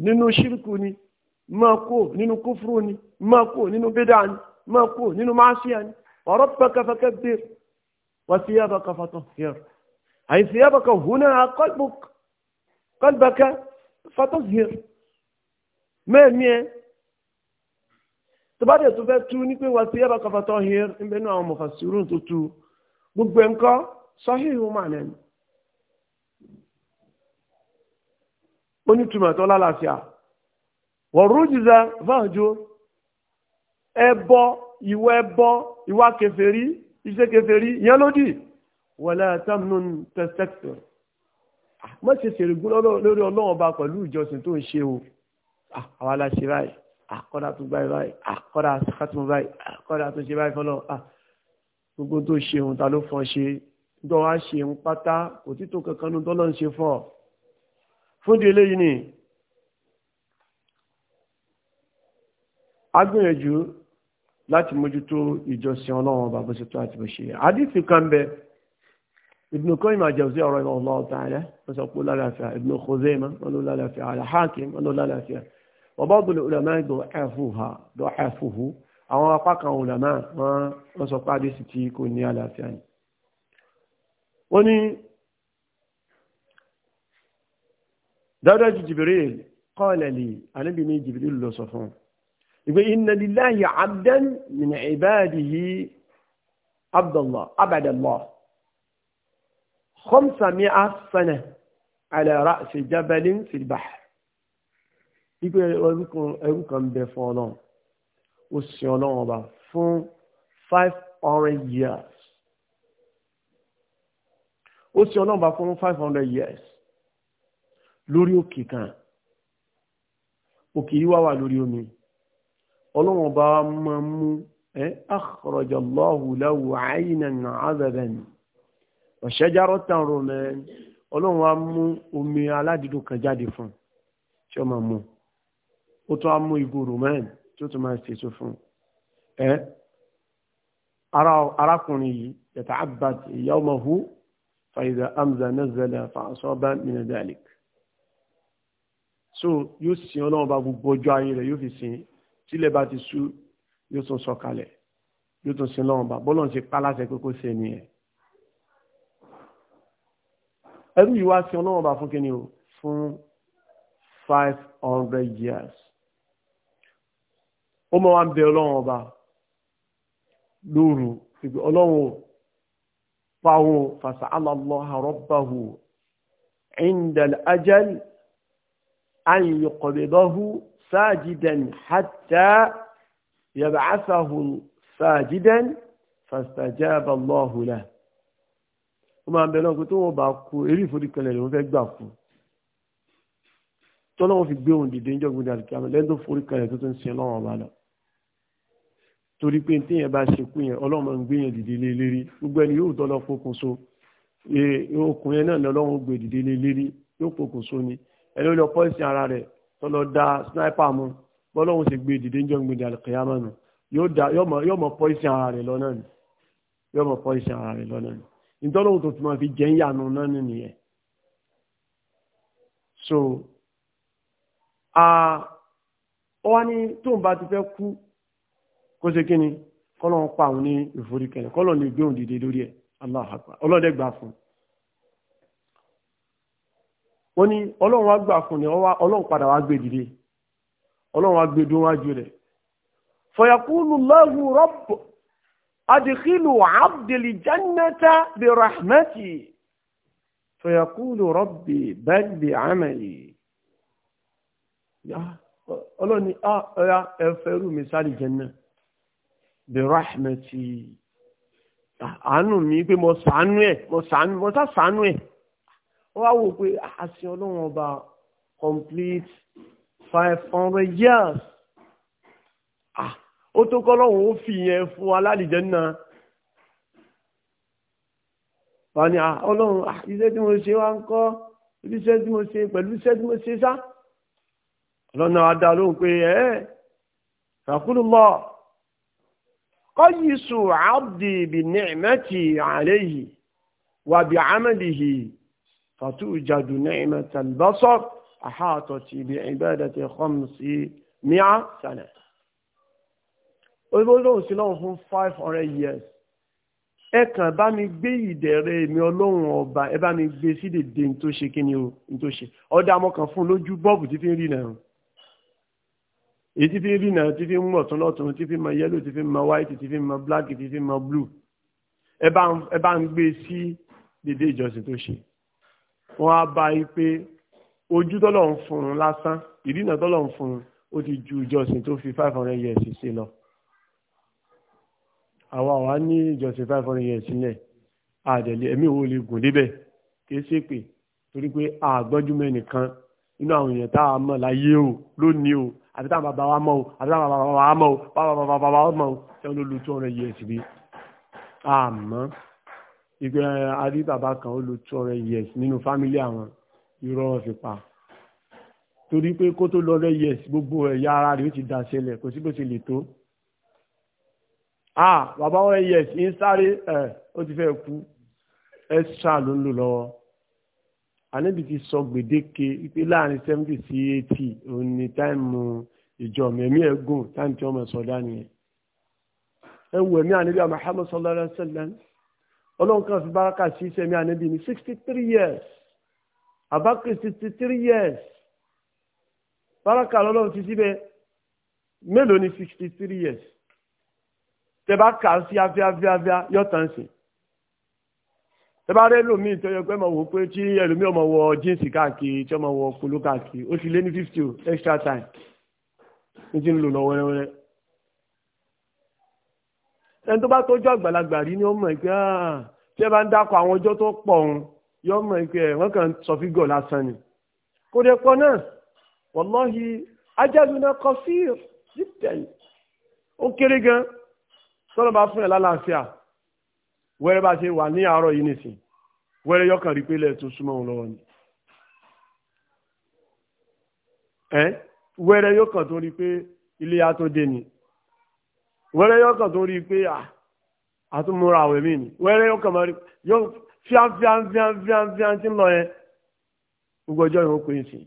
nínú ṣírkù ni máa kó nínú kúfúrú ni máa kó nínú bídà ni máa kó nínú máṣíà ni wa rabbaka fakabbir wàsíyàbà kan أي ثيابك هنا قلبك قلبك فتظهر ما مية tọ́bádẹ̀ tó fẹ́ tú ní pé wà sí ẹ̀rọ kọfàtọ́ hìr ìbẹ̀nú àwọn mọ̀fàsírùn tó tú gbogbo ẹ̀ǹkọ́ sọ́hìhù mà nẹ́nu ó ní túmọ̀ tó lálàáfíà wọ̀rú jìzà fáàjò ẹbọ ìwọ ẹbọ ìwà kèfèrí iṣẹ́ kèfèrí ìyẹn lódì wọlé tamnun testektor má ṣe ṣèrègùn lórí ọlọ́run ọba pẹ̀lú ìjọsìn tó ń ṣe o àwa la ṣe báyìí àkọ́dà tó gbáyé báyìí àkọ́dà sàkátùmù báyìí àkọ́dà tó ṣe báyìí fọlọ́ gbogbo tó ṣe òun ta ló fọ́n ṣe dọ́ wá ṣe ń pátá kò tí tó kankan ní tọ́lọ́ ń ṣe fọ́ fún eléyìí ni agbìyànjú láti mójútó ìjọsìn ọlọ́run ọba bó ṣe tó àti bó ṣe àdìsí kan bẹ́ẹ̀. Ibn Qayyim al-Jawziyya ọ̀rọ̀ ìwọ̀n Allah ta'ala wọ́n sọ pé lálàáfíà Ibn Khuzaymah wọ́n ló lálàáfíà al-Hakim wọ́n ló lálàáfíà wa ba'd al-ulama' da'afuha da'afuhu àwọn apá kan ulama wọ́n sọ pé àdìsí tí kò ní àlàáfíà ni. wọ́n ní dáadáa ju Jibril qala li ànábì ní Jibril lọ sọ fún un ìgbé Abdallah abadallah khamsami'a sana ala ra'si jabalin fil bahr ipe ẹrú kan bẹ fún ọlọ́run ó sin ọlọ́run ọba fún five hundred years ó sin ọlọ́run ọba fún five hundred years lórí òkè kan òkè yìí wá wà lórí omi ọlọ́run ọba máa mú ẹ́ akhrajallahu lahu aynan azaban ọ̀ṣẹ́járọ́ tàn rò mẹ́ ọlọ́run wa mú omi aládìdùn kan jáde fún un tí ó máa mú ó tún á mú ìgò romaine tí ó tún máa ṣètò fún un ẹ arákùnrin yìí yàtà abat yawmahu fàyídà amza nazala fàṣọba min dhalik so yóò sin ọlọ́run bá gbogbo ọjọ́ ayé rẹ̀ yóò fi sin tílẹ̀ bá ti sú yóò tún sọ kalẹ̀ yóò tún sin ọlọ́run bá bọ́lọ́run ṣe pa láṣẹ pé kó ṣe nìyẹn ẹrú yìí wá sí ọlọ́wọ́n bá fún kíni o fún five hundred years ó máa wá ń bẹ ọlọ́wọ́n ọba lóru ìgbẹ́ ọlọ́wọ́n fáwọn fàṣà Allah rabbahu inda al-ajal an yuqbidahu sajidan hatta ó máa ń bẹ lọ́wọ́ pé tó wọ́n bá kú eré ìforíkẹlẹ̀ ló ń fẹ́ gbà fún tọ́lọ́wọ́ fi gbé òun dìde níjọ́ gbogbo àti kíámẹ́ lẹ́yìn tó foríkẹlẹ̀ tó tó ń sin lọ́wọ́ ọba lọ torí pé téèyàn bá ṣekú yẹn ọlọ́mọ ń gbé yẹn dìde lé gbogbo ẹni yóò tọ́lọ́ fokùn so okùn yẹn náà lọ́lọ́run gbé dìde lé yóò fokùn so ni ẹni ó lọ pọ́ìsì ara rẹ̀ tọ́lọ́ da sniper mu bọ́lọ́run ṣe gbé dìde níjọ́ gbogbo àti kíámẹ́ nù yóò mọ pọ́ìsì ara rẹ̀ lọ́nà ni yóò mọ pọ́ìsì ara rẹ̀ lọ́nà ni ìtọ́lọ́wọ́ tó ti máa fi jẹ́ ìyànà náà nínú yẹn so ọ wá ní tóun bá ti fẹ́ kú kó ṣe kíni kọ́lọ̀ ń pa òun ní ìforíkẹ̀lẹ̀ kọ́lọ̀ lè gbé òun dìde lórí ẹ̀ Allahu Akbar gbà fún أدخلوا عبد الجنة برحمتي فيقول ربي بل بعملي ọlọ́ni ọ̀yá ẹ̀fẹ́rú mi sáré jẹ́nà bẹ̀rọ̀hìmẹ̀tì ah, àánú mi pé mo sàánú ẹ̀ mo sàánú mo sá sàánú ẹ̀ ó wá wò pé àṣẹ ah, ọlọ́run ọba complete five hundred years ah ó tó kọ́ lọ́hùn ó fi yẹn fún alálìjẹ́ náà wà ní ọlọ́run iṣẹ́ tí mo ṣe wá ń kọ́ iṣẹ́ tí mo ṣe pẹ̀lú iṣẹ́ tí mo ṣe sá lọ́nà adá lóhùn pé ẹ́ ràkúlù lọ kọ́yìísù abdi bi ni'mati alayhi wa bi amalihi fatujadu ni'mat al-basar ahatat bi ibadati khamsi mi'a sana olóhùn sí lọ́hùn fún five hundred years ẹ kàn bá mi gbé ìdẹ̀rẹ̀ mi ọlọ́run ọba ẹ bá mi gbé sí dèdè ní tó ṣe kíni o ní tó ṣe ọ̀dà amọ̀kàn fún lójú bọ́ọ̀bù tí fi ń rí náà èyí tí fi ń rí náà tí fi ń mọ̀ tún lọ́tún tí fi mọ yẹ́lò tí fi mọ white tí fi mọ black tí fi mọ blue ẹ bá ń gbé sí dèdè ìjọsìn tó ṣe wọ́n á bá yí pé ojú tọ́lọ̀ ń fún un lásán ìrìnà tọ́lọ̀ ń fún un ó ti ju ìjọsìn tó fi five hundred years ṣe lọ àwọn àwa ní ìjọsìn five hundred years sílẹ̀ àdẹ̀lẹ̀ ẹ̀mí wo lè gùn débẹ̀ kìí ṣe pé torí pé àgbọ́jú mẹ́nìkan nínú àwọn èèyàn tá a mọ̀ láyé o lónìí o àti táwọn bàbá wa mọ̀ o àti táwọn bàbá wa mọ̀ o bàbá bàbá bàbá wa mọ̀ o ṣé ló lu two hundred years bí àmọ́ ìgbẹ́ adé bàbá kan ó lu two hundred years nínú fámílì àwọn irọ́ wọn fi pa torí pé kó tó lọ years gbogbo ẹ̀yà ara rẹ̀ ó ti dà ṣẹlẹ̀ kò sí bó ṣe lè tó ah bàbá wọn yẹ sí ń sáré ẹ eh, ó ti fẹ́ kú extra ló ń lò lọ́wọ́ àníbi ti sọ gbèdéke pé láàrin seventy sí eighty òun ni táìmù ìjọ mẹ̀mí ẹ̀ gùn táìmù tí wọ́n mọ̀ sọ́dá nìyẹn ẹ wù ẹ̀mí àníbi àmàhámà sallallahu alaihi wasallam ọlọ́run kan fi báraka sí sẹ́mi àníbi ní sixty three years àbákè sixty three years báraka lọ́lọ́run ti síbẹ̀ mélòó ni sixty three years tẹ bá kà á sí afíafíafíá yọ tán sí tẹ bá rẹ lómi tó yẹ pé mo wò pé tí ẹlòmí ọmọ wọ jíǹsì káàkiri tí ọmọ wọ polo káàkiri ó ti lé ní fifty o extra time ní ti ń lò lọ wẹ́rẹ́wẹ́rẹ́ ẹni tó bá tọ́jú àgbàlagbà rí ni ó mọ̀ pé ah, tí ẹ bá ń dákọ̀ àwọn ọjọ́ tó pọ̀ òun yọ mọ̀ pé wọ́n kàn sọ fígọ̀ lásán ni kò dé pọ̀ náà wallahi ajáde náà kọ sí ìtẹ̀yìn ó kéré tọ́lọ́ fún a lálàáfíà wẹ́rẹ́ bá ṣe wà ní àárọ̀ yìí nìsín wẹ́rẹ́ yọkàn rí pé lẹ́ẹ̀tún súnmọ́ òun ni ẹ́ wẹ́rẹ́ yọkàn tó rí pé ilé ya tó dé ni wẹ́rẹ́ yọkàn tó rí pé àtúmúra ah, mí ni were yọkàn máa rí yọ ti ń lọ yẹn gbogbo ọjọ́ yẹn ó pè é sí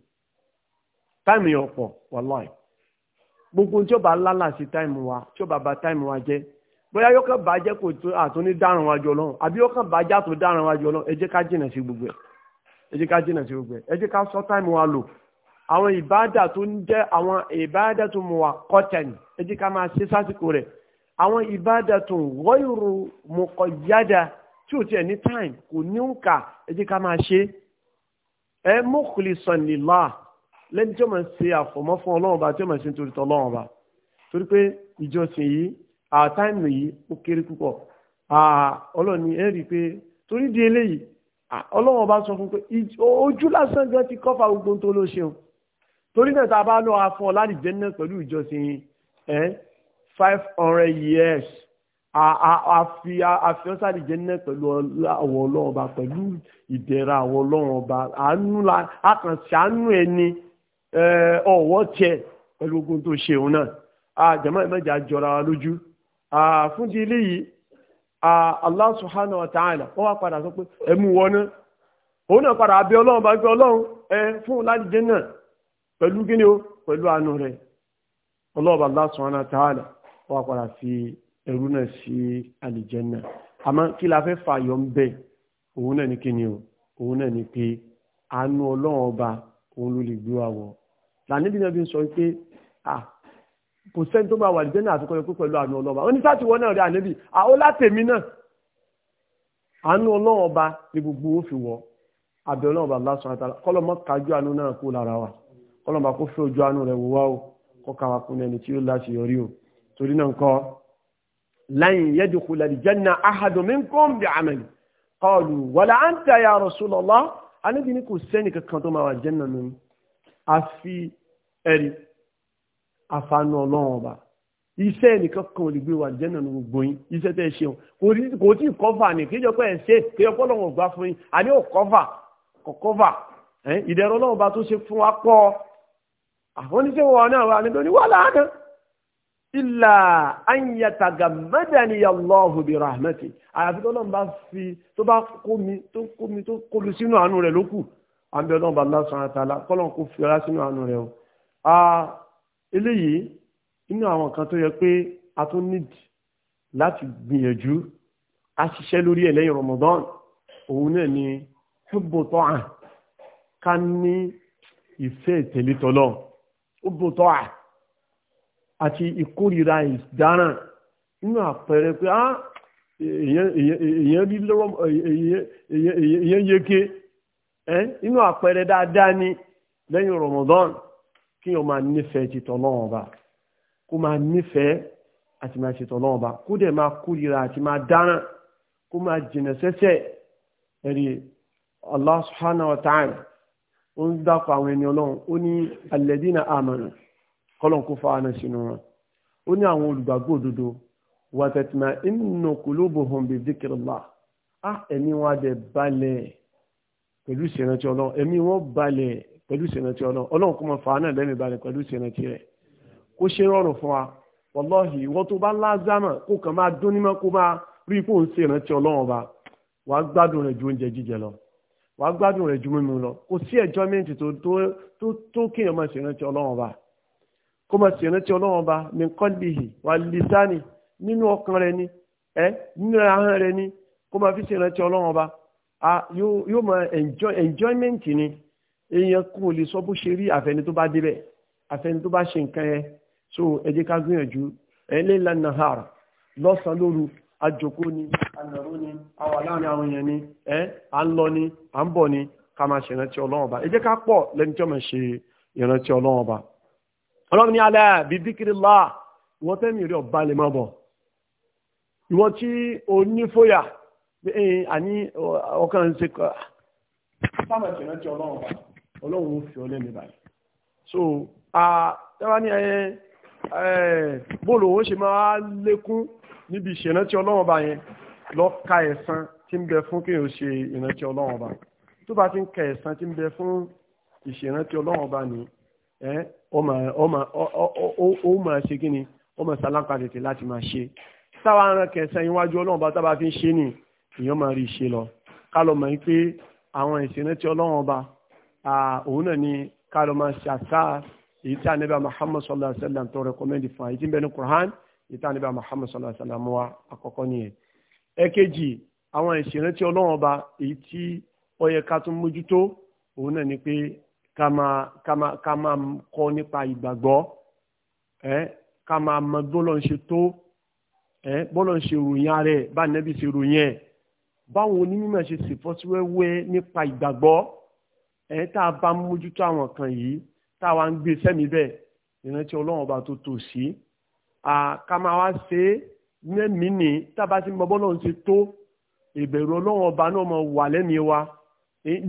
táìmù yẹn gbogbo tí ó bá táìmù wa tí ó bá ba táìmù wa je. bóyá yóò kàn bàjẹ́ kò tó àtúní dáràn wájú ọlọ́run àbí yóò kàn bàjẹ́ àtún dáràn wájú ọlọ́run ẹ jẹ́ ká jìnà sí gbogbo ẹ̀ ẹ jẹ́ ká jìnà sí gbogbo ẹ̀ ẹ jẹ́ ká sọ táìmù wa lò àwọn ìbáàdà tó ń jẹ́ àwọn ìbáàdà tó mú wa kọ́tẹ̀nì ẹ jẹ́ ká máa ṣe sásìkò rẹ̀ àwọn ìbáàdà tó ń wọ́yìrò mọ̀kọ́ yáda tí ò tiẹ̀ ní táìmù kò ní ń kà ẹ jẹ́ ká máa ṣe ẹ mukhlisan lillah torí pé ìjọsìn yìí àtàìmù yìí ó kéré púpọ̀ ọlọ́ni ẹ rí i pé torí di eléyìí ọlọ́wọ́n bá sọ fún pé ojú lásán gan ti kọ́fà gbogbo tó ló ṣeun torí náà tá a bá lọ afọ láti jẹ́ náà pẹ̀lú ìjọsìn ẹ̀ five hundred years àfi àfiọ́sàdì jẹ́ náà pẹ̀lú àwọn ọlọ́run ọba pẹ̀lú ìdẹ̀ra àwọn ọlọ́run ọba àánú la àkànṣe àánú ẹni ọ̀wọ́ tiẹ̀ pẹ̀lú ogun tó ṣe òun náà àjàmọ́ ìmọ̀jà jọra lójú fún ti ilé yìí Allah subhanahu wa ta'ala ó wá padà sọ pé ẹmú wọná òun náà padà abẹ́ ọlọ́run bá gbé ọlọ́run ẹ fún láti jẹ́ náà pẹ̀lú gíní o pẹ̀lú àánú rẹ̀ ọlọ́ọ̀bà Allah subhanahu wa ta'ala ó wá padà fi ẹrú náà sí àlìjẹ́nà àmọ́ kí la fẹ́ fàyọ ń bẹ̀ òun náà o òun náà ni pé àánú ọba òun ló lè gbé wa kò sẹ́ni tó máa wà lìjẹ́ náà àtúkọ́ yọkú pẹ̀lú àánú ọlọ́ba ó ní sáà tí wọ́n náà rí ànábì àwọn látẹ̀mí náà àánú ọlọ́ọba ni gbogbo ó fi wọ́ àbẹ̀ ọlọ́ọba lásán àtàlà kọ́lọ́mọ́ kájú àánú náà kó lára wa kọ́lọ́mọ́ kó fẹ́ ojú àánú rẹ̀ wò wá o kọ́ ká wa kú ní ẹni tí ó láti yọrí o torí náà nǹkan láyìn àfààní ọlọ́run ọba iṣẹ́ ẹnìkan kan ò lè gbé wa jẹ́nà ní gbogbo yín iṣẹ́ tẹ́ ẹ ṣeun kò tí ì kọ́fà ní kéjọ pé ẹ ṣe kéjọ pé ọlọ́run ọgbà fún yín àní ò kọ́fà kò kọ́fà ìdẹ̀rọ ọlọ́run ọba tó ṣe fún wa pọ̀ àwọn oníṣẹ́ wọn náà wà níbi oníwà láàánú ilà anyataga mẹ́dàníyà lọ́hùn bí rahmeti àyàfi tó lọ́nà bá fi tó bá kómi tó kómi tó kómi sínú àánú rẹ̀ lókù àbí ọlọ́run bá lásán àtàlà kọ́lọ́n eléyìí inú àwọn kan tó yẹ pé a tún need láti gbìyànjú a ṣiṣẹ́ lórí ẹ̀ lẹ́yìn Ramadan òun náà ni hubbu ta'a ká ní ìfẹ́ ìtẹ̀lé tọ́lọ́ hubbu ta'a àti ìkórìíra ìdáràn inú àpẹẹrẹ pé ah, èèyàn yeke inú àpẹẹrẹ dáadáa ni lẹ́yìn Ramadan kí o máa nífẹ̀ẹ́ títọ́ náà bá kó máa nífẹ̀ẹ́ àti máa títọ́ náà bá kó dẹ̀ máa kórìíra àti máa dáràn kó máa jìnà sẹ́sẹ̀ ẹ̀rí Allah subhanahu wa ta'ala ó ń dákọ̀ àwọn ẹni ọlọ́run ó ní alladina amanu kọ́lọ̀n kó fa ah, ẹ̀mí wọn á balẹ̀ pẹ̀lú ìṣèrántí ọlọ́run ẹ̀mí wọn balẹ̀ pẹ̀lú ìṣẹ̀rántí ọlọ́run ọlọ́run kó máa fà á náà lẹ́mìí balẹ̀ pẹ̀lú ìṣẹ̀rántí rẹ̀ kó ṣe rọrùn fún wa wọlọ́hì ìwọ́n tó bá lázámà kó kàn máa dún nímọ́ kó máa rí ipò ń ṣe ìrántí ọlọ́run ọba wà á gbádùn rẹ̀ ju oúnjẹ jíjẹ lọ wà á gbádùn rẹ̀ ju mímu lọ kò sí ẹjọ́ méjì tó tó tó kéèyàn máa ṣèrántí ọlọ́run ọba kó máa ṣèrántí ọlọ́run ọba ní kọ́lìhì wà lìsáni nínú ọkàn rẹ ni ẹ nínú ahọ́n rẹ ni kó máa fi ṣèrántí ọlọ́run ọba yóò máa enjoyment ni. èèyàn kò lè sọ bó ṣe rí àfẹni tó bá àfẹni tó bá so ẹ ká gbìyànjú ẹ̀ẹ́lẹ́ lánàá lọ́sàn-án lóru àjòkó ni ànàró ni àwà láàrin àwọn èèyàn ni ẹ à ń lọ ni à ń bọ̀ ni ká máa ṣe ìrántí ọlọ́run ọba ẹ ká pọ̀ lẹ́ni tí wọ́n máa ṣe ìrántí ọlọ́run ọba ọlọ́run ọlọ́run ó fi ọ lẹ́nu báyìí so tẹ́wá ní ẹ bóòlù òun ṣe máa lékún níbi ìṣèrántí ọlọ́run ọba yẹn lọ ka ẹ̀san tí ń bẹ fún kí n ò ṣe ìrántí ọlọ́run ọba tó bá ti ń ka ẹ̀san tí ń bẹ fún ìṣèrántí ọlọ́run ọba ni ọmọ ọmọ máa ṣe kí ni ọmọ sálápá tètè láti máa ṣe táwa ń ran kẹsàn iwájú ọlọ́run ọba tábà fi ń ṣe ni èèyàn máa rí ṣe lọ ká lọ mọ̀ pé àwọn ìṣèrántí ọlọ́run ọba òun náà ni kálọ̀ máa ṣe àṣà èyí tí ànábì Muhammad sallallahu alaihi wa sallam tó rẹkọmẹ́ndì fún àyíjí bẹ́ẹ̀ ní Qur'an èyí tí ànábì Muhammad sallallahu alaihi wa sallam wa àkọ́kọ́ nìyẹn. ẹ̀kejì àwọn ìṣèrántí ọlọ́run ọba èyí tí ó yẹ ká tún mójútó òun náà ni pé ká máa ká máa ká máa kọ́ nípa ìgbàgbọ́ ẹ̀ ká máa mọ bọ́lọ̀ ń ṣe tó bọ́lọ̀ ń ṣe ròyìn ara bá nẹ́bí ṣe ròyìn ẹ̀ báwọn onímọ̀ ṣe ṣèfọ́síwẹ́wẹ́ nípa ìgbàgbọ́ ẹ̀ tá a bá mójútó àwọn kan yìí tá a wá ń gbé sẹ́mi bẹ́ẹ̀ ìrántí ọlọ́run ọba tó tò sí ká máa wá ṣe é mẹ́mí ni tá a bá ti mọ bọ́lọ́ ṣe tó ìbẹ̀rù ọlọ́run ọba náà mọ wà lẹ́mìí wa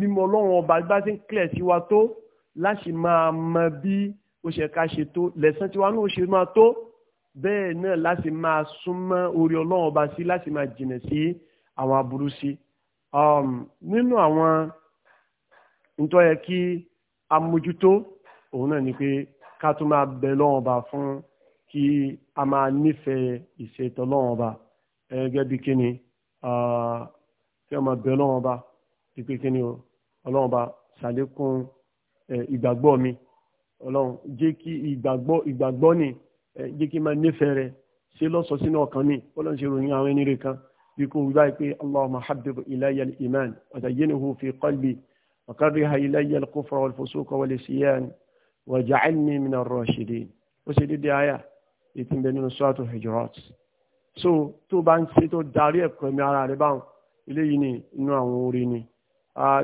mímọ̀ ọlọ́run ọba bá ti ń kílẹ̀ sí wa tó láti máa mọ bí ó ṣe ká ṣe tó lẹ́sán tiwa náà ó ṣe máa tó bẹ́ẹ̀ náà láti máa súnmọ́ orí ọlọ́run ọba sí láti máa jìnà sí àwọn aburú sí um, nínú àwọn nítorí yẹ kí amójútó òun náà ni pé ká tún máa bẹ lọ́wọ́n ba fún kí a máa nífẹ̀ẹ́ ìṣètò lọ́wọ́n ba bí kíni kí a máa bẹ lọ́wọ́n ba pípé kíni o ọlọ́wọ́n ba ṣàlékún ìgbàgbọ́ mi ọlọ́run jẹ́ kí ìgbàgbọ́ ìgbàgbọ́ ni jẹ́ kí máa nífẹ̀ẹ́ rẹ̀ ṣe lọ́sọ̀ sínú ọkàn mi ọlọ́run ṣe ròyìn àwọn ẹni rẹ̀ kan bí kò wí pé allahumma habbib ilayya al-iman wa zayyinhu fi qalbi وكره إلي الكفر والفسوق والعصيان وجعلني من الراشدين وسيدي دي آية يتم بين سورة الحجرات so tó bá ń ṣe tó darí ẹ̀kọ́ ẹ̀mí ara rẹ̀ báwọn eléyìí ni inú àwọn orin ni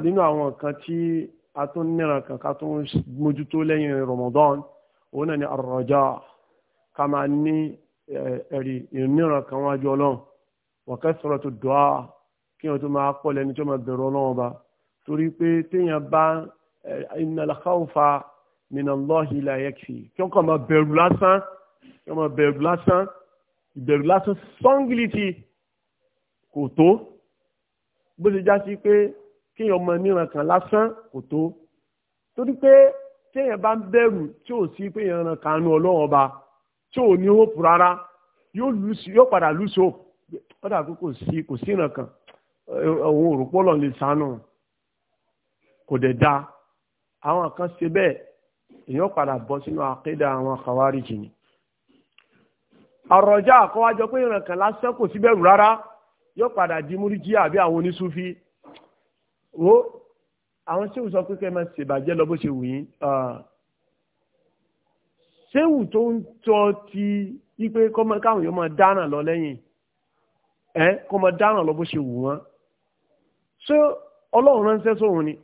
nínú àwọn nǹkan tí a tún níran kankan tó ń mójútó lẹ́yìn Ramadan òun náà ni àrọ̀jà ká máa ní ẹ̀rí ìníran kan wájú ọlọ́run wa kathratu du'a kí wọ́n tó máa pọ̀ lẹ́ni tó máa bẹ̀rù ọlọ́run ọba torí pé téèyàn bá innal khawfa minallahi la yakfi kí wọ́n kàn máa bẹ̀rù lásán kí wọ́n máa bẹ̀rù lásán ìbẹ̀rù lásán sọ́ngìlìtì kò tó bó ṣe já sí pé kéèyàn ọmọ níran kan lásán kò tó torí pé téèyàn bá ń bẹ̀rù tí ò sí pé èèyàn ran kanú ọlọ́run ọba tí ò ní hope rárá yóò padà lùsọ ó dà pé kò sí kò kan òun òrùpọ̀ lọ́n lè sánú kò dẹ̀ da àwọn kan ṣe bẹ́ẹ̀ èèyàn padà bọ́ sínú àkídà àwọn kàwáríjì ni àrọ̀já àkọwájọ pé ìrànkàn lásán kò sí bẹ̀rù rárá yóò padà di múríjí àbí àwọn onísúfí wo àwọn séwù sọ pé kẹ́ máa ṣèbàjẹ́ lọ bó ṣe wù yín séwù tó ń tọ́ ti wípé káwọn yóò máa dáná lọ lẹ́yìn ẹ kó dáná lọ bó ṣe wù wọ́n ṣé ọlọ́run ránṣẹ́ sóhun ni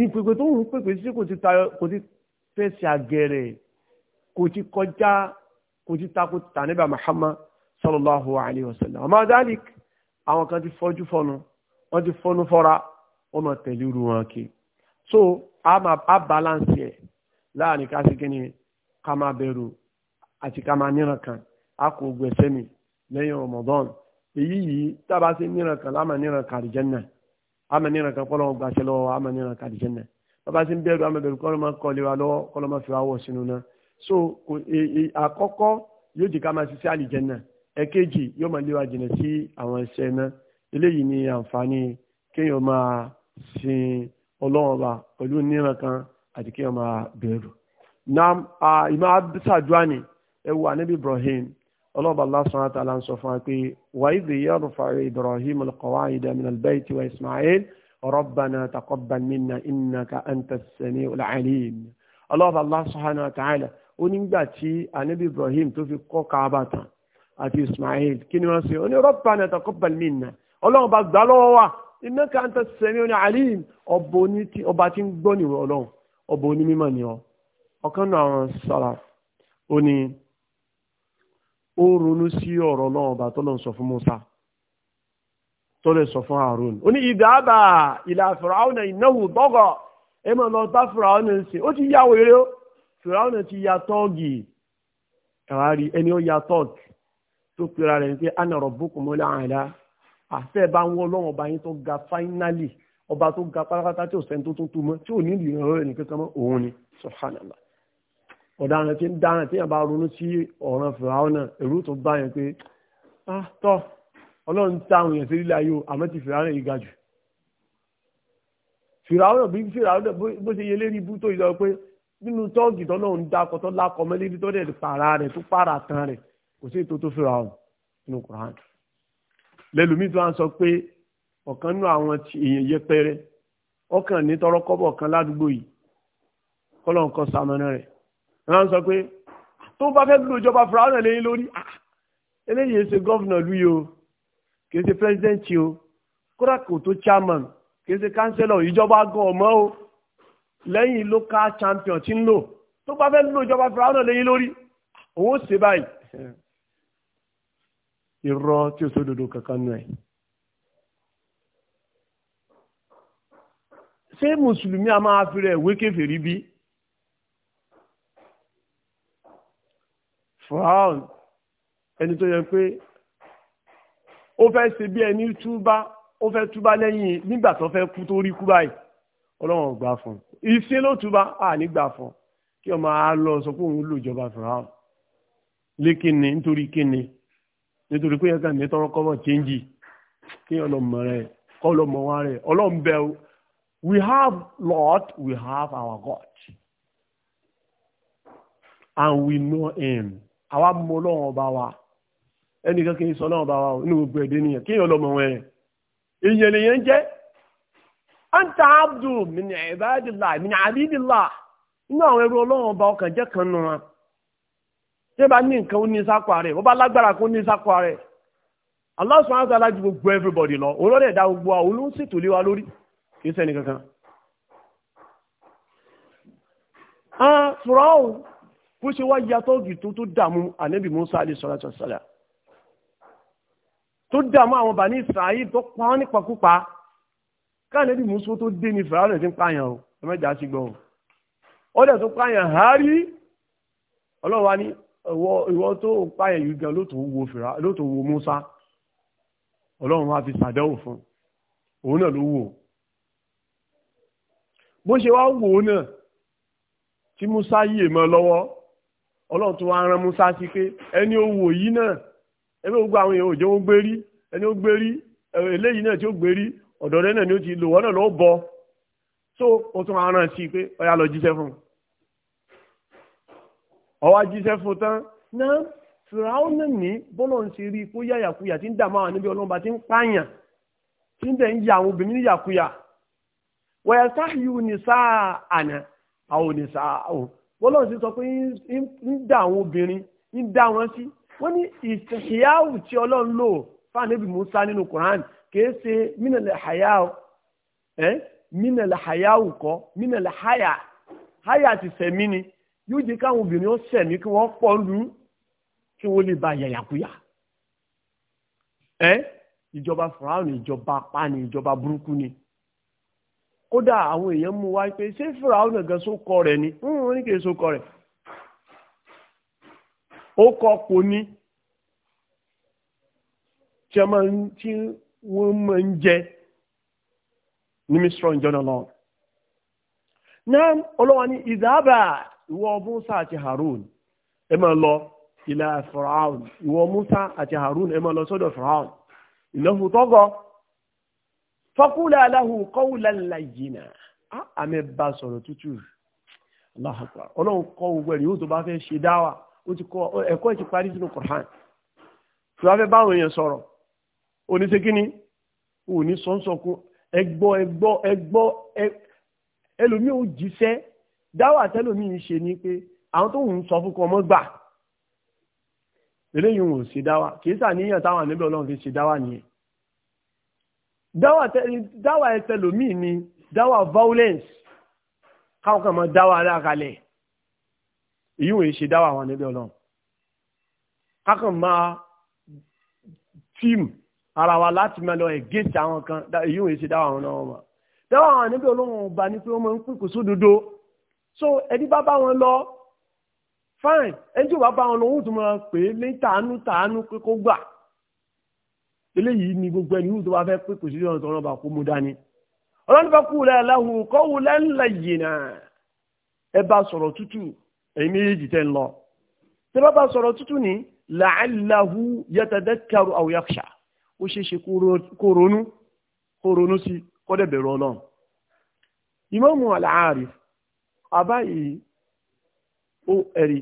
ìpèpè tó ń pèpè sí kò ti fẹ́ ṣe àgẹ̀rẹ̀ kò ti kọjá kò ti takò tànẹ́bà Muhammad sallallahu alayhi wa sallam àmọ́ dalik àwọn kan ti fọ́jú fọ́nu wọ́n ti fọ́nu fọ́ra wọ́n máa tẹ̀lé irú wọn kí so a máa a balance ẹ̀ láàrin ká sí kíni ká máa bẹ̀rù àti ká máa níran kan a kò gbẹ̀sẹ̀ mi lẹ́yìn Ramadan èyí yìí tábà sí níran kan láàmà níran kan àlùjánnà Amani na kan kọ́lọ́mọ gbàṣẹ lọ́wọ́ ama níran kan àdìjẹ́ náà bàbá sí ń bẹ̀rù ama bẹ̀rù kọ́lọ́mọ kọ́lé fi wá wọ̀ so akoko e, e, yóò jì ká máa ṣiṣẹ́ àdìjẹ́ náà ẹ̀kejì yóò máa lé wa jìnà sí àwọn iṣẹ́ náà eléyìí ni àǹfààní kéèyàn máa sin ọlọ́wọ́n wa pẹ̀lú níran kan àti kéèyàn máa bẹ̀rù. nam ìmọ̀ abdulsaduani ẹ wo anabi Ibrahim ọlọ́ba Allah subhanahu wa ta'ala ń sọ fún wa pé wa idh yarfa'u Ibrahim al-qawa'ida min al-bayti wa Isma'il rabbana taqabbal minna innaka antas sami'ul 'alim ọlọ́ba Allah subhanahu wa ta'ala ó nígbà tí anabi Ibrahim tó fi kọ́ Kaaba tán àti Isma'il kí ni wọ́n ṣe ó ní rabbana taqabbal minna ọlọ́run bá gbà lọ́wọ́ wa innaka antas sami'ul 'alim ọba tí ń gbọ́ nìwọ̀ ọlọ́run ọba onímọ̀ ni ọ ó ronú sí ọ̀rọ̀ náà ọba tó lọ́n sọ fún Musa tó lè sọ fún Harun ó ní idhaba ila Fir'auna innahu tagha ẹ máa lọ bá Fir'auna ń sè ó ti yá wèrè ó Fir'auna ti ya tọ́ọ̀gì ẹ̀wárí ẹni ó ya tọ́ọ̀gì tó pera rẹ̀ ní pé ana rabbukumul a'la àfẹ́ bá ń wọ́ ọlọ́run yín tó ga fáínálì ọba tó ga pátápátá tí ò sẹ́ni tó tún tú mọ́ tí ò ní ìrìnàrọ́ ẹ̀ nìkan kan mọ́ òun ni subhanallah ọ̀daràn tí ń dáràn tí yàn bá ronú sí ọ̀ràn fìràwọ̀ náà èrú tó bá yẹn pé ah tọ́ ọlọ́run táwọn èèyàn sí lílé ayé o àmọ́ ti fìràwọ̀ yìí ga jù fìràwọ̀ náà bí fìràwọ̀ náà bó ṣe yẹ lérí ibú tó yọ pé nínú tọ́ọ̀gì tó náà ń dákọ̀ tó lákọ̀ mẹ́lẹ́rí tó dẹ̀ pààrà rẹ̀ tó pààrà tán rẹ̀ kò sí ètò tó fìràwọ̀ nínú Qur'an lẹ́lùmí tó ń sọ pé ọ̀kan nínú àwọn èèyàn yẹpẹrẹ ọkàn ní tọrọkọ́bọ̀ kan ládùúgbò yìí kọ́lọ́n kan sàmọ́nà rẹ̀ wọ́n sọ pé tó bá fẹ́ lu ìjọba fúráwọn lẹ́yìn lórí ah, eléyìí ṣe gọ́vnà lu yìí o kì í ṣe pírẹsidẹ́ǹtì o kódà kò tó chairman kì í ṣe kánsẹ́lọ̀ ìjọba gan ọmọ o lẹ́yìn local champion ti ń lò tó bá fẹ́ lu ìjọba fúráwọn lẹ́yìn lórí òun ó ṣe báyìí irọ́ tí ó sódodo kankan nù ẹ̀. ṣé mùsùlùmí a máa fi rẹ̀ wékèfèrí bí? fraun ẹni tó yẹ pé ó fẹ́ ṣe bí ẹni túbá ó fẹ́ túbá lẹ́yìn nígbà tó fẹ́ kú tó rí kú báyìí ọlọ́run gbà fún un ló túbá à nígbà fún kí ọmọ á lọ sọ pé òun lò fraun lékinni nítorí kinni nítorí pé yẹn kàn ní tọrọ kọ́mọ̀ chéńjì kí ọlọ́mọ rẹ kọ́ ọlọ́mọ wa rẹ ọlọ́mbẹ we have Lord we have our God and we know him àwa mọ ọlọ́run ọba wa ẹnìkan kì í sọ ọlọ́run ọba wa nínú gbogbo ẹ̀dẹ́ nìyẹn kí èèyàn lọ́mọ wọn yẹn èèyàn lèyẹn jẹ́ anta abdu min ibadillah min abidillah inú àwọn ẹrú ọlọ́run ọba ọkàn jẹ́ kan nù wọn tí ẹ bá ní nǹkan ó ní sáko ààrẹ bó bá lágbára kó ní sáko ààrẹ Allah subhanahu wa ta'ala ju gbogbo everybody lọ olórí ẹ̀dá gbogbo àwọn olóhùn sì tò lé wa lórí kì í sẹ́ni kankan. Ah, bó ṣe wá yàtọ̀ gì tó tó dààmú ànábì Musa alayhi salatu wassalam tó dààmú àwọn bàní Isra'il tó pa wọ́n nípakúpa káànábì Musa tó dé ní fìrà rẹ̀ ń pààyàn o ẹ mẹ́jà sí gbọ́ ọ dẹ̀ tó pààyàn hárí ọlọ́wà ní ìwọ tó pààyàn yìí gan ló tó wo Musa ọlọ́run wá fi sàdẹ́wò fún òun náà ló wò bó ṣe wá wò ó náà tí Musa yìí mọ́ lọ́wọ́ ọlọ́run tó rán musa sí pé ẹni owó yìí náà ẹni gbogbo àwọn èèyàn òjò ń gbé rí ẹni ó gbé rí eléyìí náà tí ó gbé rí ọ̀dọ̀ rẹ náà ni ó ti lò wọ́n náà lọ́ọ́ bọ so ó tún wá rán sí pé ọyá lọ jíṣẹ́ fún un ọwá jíṣẹ́ fún un tán náà fìràwọn ní bọ́lọ̀ ń ṣe rí yàyàkuyà tí ń dààmú àwọn níbi ọlọ́mọba tí ń pààyàn tí ń dẹ̀ ń ya àwọn obìnrin níyàkuyà wọ́n yà yìí ò ní sáà àná àwọn ò ní sáà bọ́lọ̀ sí sọ pé ń dá àwọn obìnrin ń dá wọn sí wọ́n ní ìṣẹ̀yàwó tí ọlọ́run lò fáànẹ́bì Musa nínú Quran kìí ṣe mínàlẹ̀ hayáwó ẹ́ mínàlẹ̀ hayáwó kọ́ mínàlẹ̀ hayà hayà ti sẹ̀mí ni yóò jẹ́ káwọn obìnrin ó sẹ̀mí kí wọ́n pọ̀ lù ú kí wọ́n lè ba yàyàkúyà ẹ́ ìjọba fúráùn ìjọba apá ni ìjọba burúkú ni. Eh? kódà àwọn èèyàn mú wá pé ṣé fúraun nìkan sókọ rẹ̀ ni wọ́n ní kì í sókọ rẹ̀ ó kọ kò ní tí wọ́n máa ń jẹ ní mísírọ̀ ìjọ́nà lọ Harun ẹ máa lọ ilẹ̀ fúraun ìwọ Harun ẹ máa lọ sọ́dọ̀ fọkúlẹ̀ aláhù kọ́wùlẹ̀ làyìnà àmì bá sọ̀rọ̀ tútù aláhàpá ọlọ́run kọ́ gbogbo ẹ̀rí yóò tó bá fẹ́ ṣe dáwà ó ti kọ́ ẹ̀kọ́ ti parí sínú Qur'an tí wọ́n fẹ́ báwọn èèyàn sọ̀rọ̀ oníṣekíní òní sọ́nsọ̀kún ẹgbọ́ ẹgbọ́ ẹgbọ́ ẹlòmíì ò jíṣẹ́ dáwà ṣe ni pé àwọn tó ń sọ fún mọ́ gbà eléyìí ò ṣe dáwà kì í sàníyàn táwọn àníbẹ̀ ọlọ́run fi ṣe dáwà nìyẹn Dawa dawa dáwà ẹtẹlòmíì ni dawa violence káwọn kan dawa dáwà aláàkalẹ̀ èyí wòye ṣe dáwà àwọn níbi ọlọ́run kákan máa tíìmù ara wa láti máa lọ ẹ̀gẹ́tì àwọn kan èyí wòye ṣe dáwà àwọn náà wọn dáwà àwọn níbi ọlọ́run ọba ni pé wọ́n máa ń pè kò so ẹni bá bá wọn lọ fine ẹni tí ò bá bá wọn lọ òun tún máa pè ní tàánú tàánú pé gbà eléyìí ni gbogbo ẹni wù tó bá fẹ́ pé kò sí ọ̀nà tọ́lọ́ bá kó mu dání ọlọ́run bá kú rẹ̀ láhùn kọ́wù lẹ́ńlẹ̀ yìnà ẹ bá sọ̀rọ̀ tútù ẹ̀yin méjèèjì tẹ́ ń lọ tẹ́ bá bá sọ̀rọ̀ tútù ní làálàhù yatadakkaru aw yakhsha ó ṣe é ṣe kó ronú kó ronú sí kọ́dẹ̀ bẹ̀rù ọlọ́run ìmáàmù al àbá yìí ó ẹ̀rí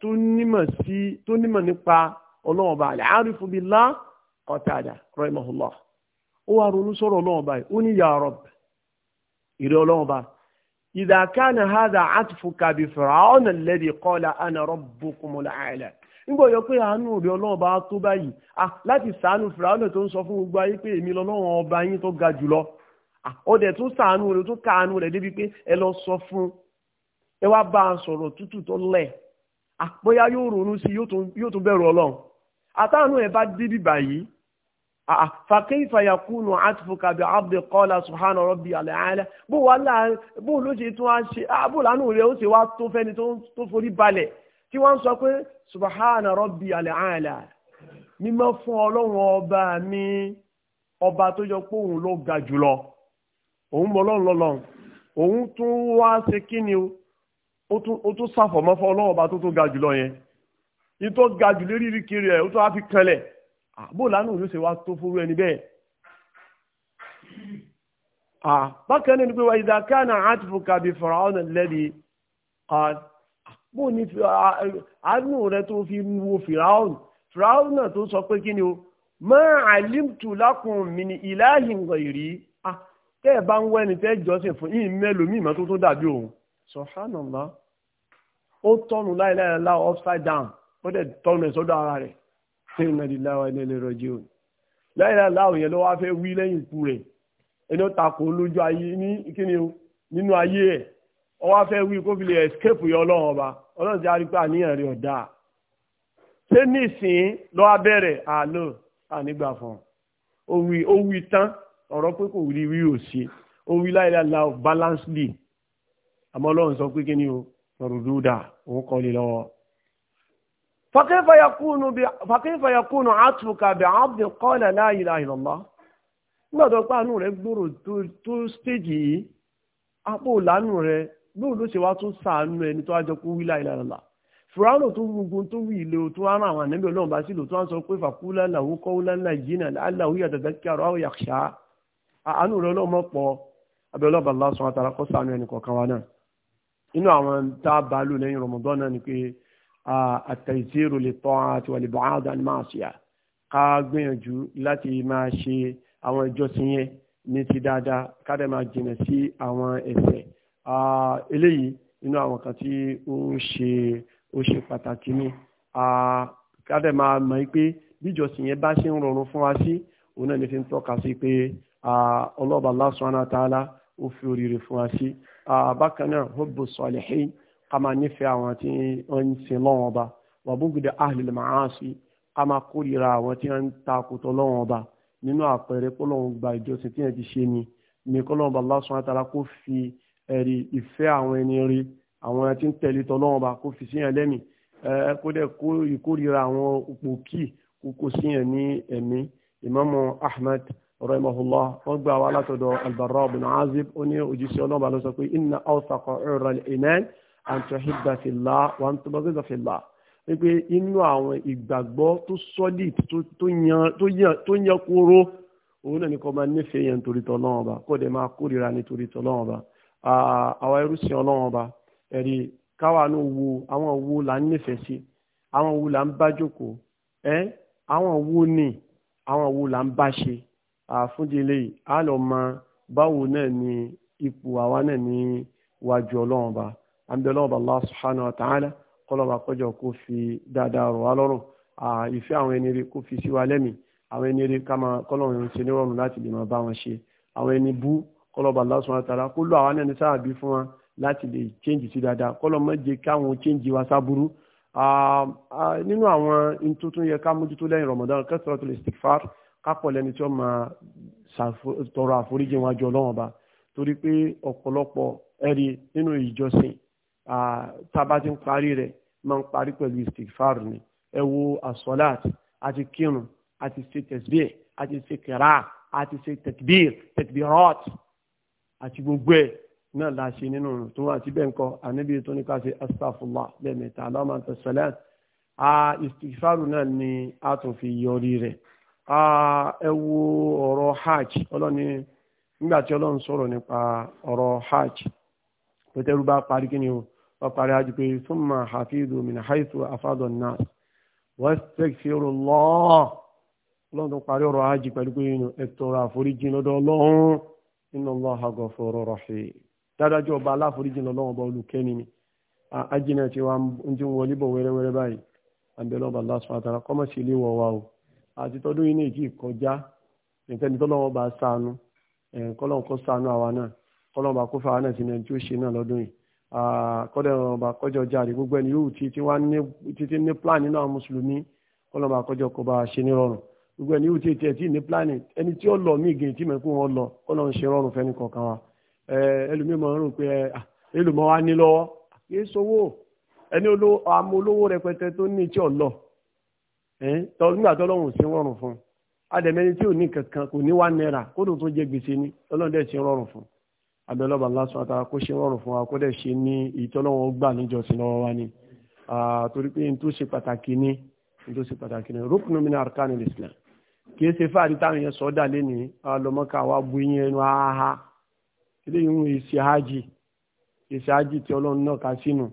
tó nímọ̀ nípa ọlọ́run ọba al-Arifu billah ọtada rahimahullah ó wá ronú sọ̀rọ̀ ọlọ́run báyìí ní ya Rabb ìrẹ́ ọlọ́run bá idha ana rabbukumul a'la nígbà yọ ya àánú ìrẹ́ ọlọ́run bá yi ah, láti sàánú Fir'aun tó ń sọ fún gbogbo ayé ọba ga jùlọ ah, pé ẹ lọ sọ fún ẹ wá bá a tó àtàánú ẹ̀ bá débi báyìí fàkẹ́yìfà yakunu àtúfòkà bí abdè kọ́lá subhana rabbi alẹ́ bó wà láàrin bó ló ṣe tún á ṣe bó lánàá rẹ̀ ó ṣe wá tó fẹ́ni tó forí balẹ̀ tí wọ́n sọ pé subhana rabbi alẹ́ mímọ́ fún ọlọ́run ọba mi ọba tó yọ pé òun ló ga jùlọ òun mọ ọlọ́run lọ́lọ́run òun tún wá ṣe kí ó tún sáfọ̀mọ́ fún ọlọ́run ọba tó tó ga jùlọ yẹn ìtọ́ ga jù lérí rí kiri ẹ̀ ó tó wá fi kanlẹ̀ àbò lánàá ló ṣe wá tó fóró ẹni bẹ́ẹ̀. bákan náà ni pé ìdá kánà àtìfúkà bíi faraon lẹ́bi bó ni àánú rẹ tó fi wo firaun firaun náà tó sọ pé kí ni o ma alimtu lakum min ilahin ghairi tẹ́ ẹ̀ bá ń wẹ́ni tẹ́ jọ́sìn fún yìí mẹ́lòmíì mọ́ tó tó dàbí òun subhanallah ó tọ́nu láìláìlá upside ó dẹ̀ tọ́nu ẹ̀ sọ́dọ̀ ara rẹ̀ ṣé ìnà ìdílé wa ní ilé rọ̀jì òní láìláà láwọn yẹn ló wá fẹ́ wí lẹ́yìn ikú rẹ̀ ẹni ó takò lójú ayé ní kíni o nínú ayé ẹ̀ ó wá fẹ́ wí kó fi lè escape yọ ọlọ́run ọba ọlọ́run ti arí pé àníyàn rẹ̀ ọ̀dà ṣé nísìnyí lọ́ abẹ́rẹ̀ àlọ́ ànígbà fún ọ wí ó wí tán ọ̀rọ̀ pé kò rí rí òsì ó wí láìláà láwọn balancedly àmọ́ ọlọ́run sọ pé kíni o rọ̀rùdúdà òun kọ́ lè lọ́wọ́. فكيف يكون ب... فكيف يكون عطفك بعبد قال لا اله الا الله nígbà tó pa àánú rẹ gbòòrò a stéèjì yìí apò ìlànà rẹ lóòrùn ló ṣe wá tún sàánú ẹni tó àjọkú wí láìláìlá fúránù tó gbogbo tó wí ilé o tó rán àwọn ànábì ọlọ́run bá sí lò tó ń sọ pé fàkúlà làwọn kọ́wúlà ńlá yìí a àtẹ̀síìrù lè tọ́ àti wà lè bọ̀ áàdà ní máa ṣe à ká gbìyànjú láti máa ṣe àwọn ìjọsìn yẹn ní ti dáadáa ká dẹ̀ máa jìnà sí àwọn ẹ̀ṣẹ̀ eléyìí inú àwọn kan tí ó ṣe ó ṣe pàtàkì ni ká dẹ̀ máa mọ̀ pé bí ìjọsìn yẹn bá ṣe ń rọrùn fún wa sí òun náà ní fi ń tọ́ka sí pé ọlọ́ọ̀bà Allah subhanahu ó fi oríire fún wa sí bákan náà hubbu salihin ká máa nífẹ̀ẹ́ àwọn tí wọ́n ń sin lọ́wọ́n ọba wàbúgùdẹ ahlil ma'asi ká máa kórìíra àwọn tí wọ́n ń ta àkótọ́ lọ́wọ́n ọba nínú àpẹẹrẹ pọ́lọ́wọ́n gba ìjọsìn tí yẹn ti ṣe ni ní kọ́lọ́wọ́n Allah subhanahu wa ta'ala kó fi ẹ̀rí ìfẹ́ àwọn ẹni rí àwọn tí ń tẹ̀lé tọ́lọ́wọ́n ọba kó fi sí yẹn lẹ́mìí kó dẹ̀ kó ìkórìíra àwọn òpókì kó kó sí yẹn ní ẹ̀mí ìmáàmù Ahmad rahimahullah wọ́n gbà wá látọ̀dọ̀ albarra bin azib ó ní òjíṣẹ́ ọlọ́ba ló sọ pé inna awsaqa 'urra al àǹtọ̀hìbàfìlà wà ń tọ́bọ̀gbẹ́gbàfìlà wípé inú àwọn ìgbàgbọ́ tó solid tó yan kóró òun náà ní kó máa nífẹ̀ẹ́ yẹn nítorí t'Ọlọ́run Ọba kó dẹ̀ máa kórìíra nítorí t'Ọlọ́run Ọba àwa ẹrúsìn Ọlọ́run Ọba ẹ̀rí káwa náà wo àwọn wo là ń nífẹ̀ẹ́ sí àwọn wo là ń bá jókòó ẹ́ àwọn wo ni àwọn wo là ń bá ṣe àfúndílé yìí á lọ mọ báwo náà ni ipò àwa náà ní wájú Ọlọ́run Ọba àbẹ̀lọ́ọ̀bà Allah subhanahu wa ta'ala kọlọ́ba kọjọ kó fi dáadáa rọ̀ wá lọ́rùn ìfẹ́ àwọn ẹni fi sí wa lẹ́mìí àwọn ẹni rí ká máa kọlọ́run ń ba nírọ̀rùn láti lè máa bá wọn ṣe àwọn ẹni Allah subhanahu wa ta'ala kó lọ àwọn ẹni sáà bí fún wa láti lè change si dada kọlọ́ má jẹ́ káwọn change wa sábúrú nínú àwọn tuntun yẹ ká mójútó lẹ́yìn Ramadan kasratul istighfar kápọ̀ lẹ́ni tí wọ́n máa tọrọ àforíjì wájú ọlọ́run ọba torí pé ọ̀pọ̀lọpọ̀ ẹ̀rí nínú ìjọsìn tába ti ń parí rẹ̀ máa istighfar ni ẹ wo asọ́láàtì àti kírun àti ṣe tẹ̀síbẹ̀ àti ṣe kẹ̀rà àti ṣe tẹ̀kbír tẹ̀kbírọ́t àti gbogbo ẹ̀ náà la ṣe nínú tó wà síbẹ̀ ńkọ ànábi tó ní ká ṣe astafullah lẹ́ẹ̀mẹ́ta aláwọ̀ àti sọ́láàtì a istighfar náà ni a tún fi yọrí rẹ̀ ẹ wo ọ̀rọ̀ hajj ọlọ́ni nígbà tí ọlọ́run sọ̀rọ̀ nípa ọ̀rọ̀ hajj pẹ̀tẹ́rú bá parí kí o ọ̀parí ajù pé súnmọ́ hafidu min haitu afádọ̀ náà wastaghfirullah ọlọ́run tó parí ọ̀rọ̀ ajì pẹ̀lú pé ẹ tọrọ àforíjì lọ́dọ̀ ọlọ́run innallaha ghafurur rahim dádájú ọba aláforíjì lọ́lọ́run ọba olùkẹ́ni ni ajínà tí wọ́n ń tí wọlé bọ̀ wẹ́rẹ́wẹ́rẹ́ báyìí àbẹ̀lọ́ba àti tọdún yìí ní kọjá bá kọ́dẹ̀rọ̀ba kọjọ jáde gbogbo ẹni yóò ti ti ní pláàni náà mùsùlùmí kọ́lọ́ba kọjọ kó bá ṣe ní rọrùn gbogbo ẹni yóò ti tiẹ̀ tí ní pláàni ẹni tí ó lọ mí gèè tí mẹ́kún wọn lọ kọ́lọ́ ń ṣe rọrùn fẹ́ni kọ̀ọ̀kan wa ẹlòmíì máa ń rò pé ẹlòmọ́ wa ní lọ́wọ́ kì í sowó ẹni àmọ́ olówó rẹpẹtẹ tó tó ní abẹ́lọ́ba lásán àtàrà kó ṣe rọrùn fún wa kó dẹ̀ ṣe ní ìtọ́lọ́wọ́n gbà níjọsìn lọ́wọ́ wa ni torí pé n tó ṣe pàtàkì ni n tó ṣe pàtàkì ni rúkùnù min arkanil islam kì í ṣe fáàdì táwọn yẹn sọ dà lẹ́ni alọ́mọ́ká wa bu yín ẹnu aha eléyìí ń èsì hájì èsì hájì tí ọlọ́run náà kà sínú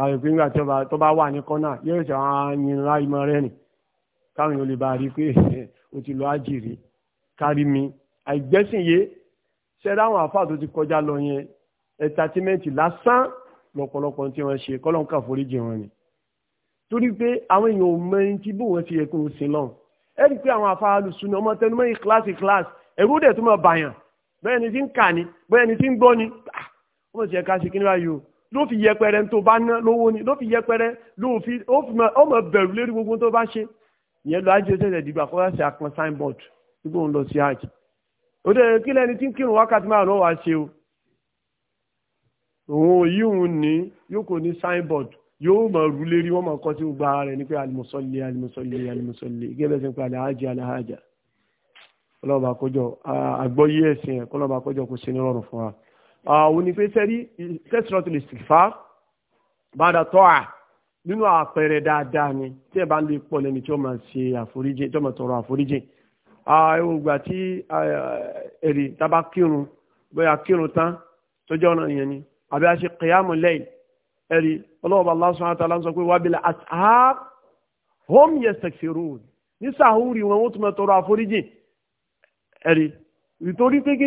àwọn ìpínlẹ̀ tó bá wà ní kọ́nà yóò ṣe àwọn anyìnrà ìmọ̀ rẹ̀ nì káwọn yóò lè bá rí pé o ti lọ ájì rí kárí mi àìgbẹ́sìn yé ṣẹ́rẹ́ àwọn àfáà tó ti kọjá lọ yẹn ẹ̀tàtímẹ́ǹtì lásán lọ́pọ̀lọpọ̀ tí wọ́n ṣe kọ́lọ́ǹkà foríjì wọn ni torí pé àwọn èèyàn ò mọ ẹni tí bó wọn ti yẹ kó o sin lọ ẹ rí i pé àwọn àfáà alùsùn ọmọ tẹnumọ́ yìí kíláàsì kíláàsì ẹ̀rú dẹ̀ tó máa bàyàn bẹ́ẹ̀ ni ti ń kà ni bẹ́ẹ̀ ni ti ń gbọ́ ni ah, wọ́n ti yẹ ká ṣe kí ni báyìí o ló fi yẹpẹrẹ tó bá ná lówó ni ló fi yẹpẹrẹ ọmọ bẹ̀rù lérí gbogbo tó bá ṣe ìyẹn lọ ajé ṣẹ̀ṣẹ̀ dìgbà kó wá sí àkàn signboard gbogbo ń lọ sí àjì ó dẹ̀ kí lẹ́ni tí ń kírun wákàtí márùn náà ṣe o òun yìí òun ní yóò kò ní signboard yóò mọ̀ rú lérí wọ́n mọ̀ kọ́ sí gbogbo ara rẹ̀ ní pé alimusọ́lé alimusọ́lé alimusọ́lé gẹ́gẹ́ sí pé aláhájì aláhájà ọlọ́ba àkójọ àgbọ́yé ẹ̀sìn ẹ̀kọ́ ọlọ́ba àkójọ kò sí ní rọrùn fún wa. àwọn ni pé sẹ́rí kẹ́sìrọ́tì lè sì bàdà tọ́ à nínú àpẹẹrẹ dáadáa ni tí ẹ bá lè pọ̀ lẹ́ni tí ó máa ṣe àforíjì tí ó máa tọrọ àforíjì ìgbà tí èrè tábà kírun bóyá kírun tán tó jẹ́ ọ̀nà yẹn ni àbí a ṣe kìyàmù lẹ́yìn ẹ̀rí ọlọ́ọ̀bà Allah subhanahu wa ta'ala sọ pé wà bílẹ̀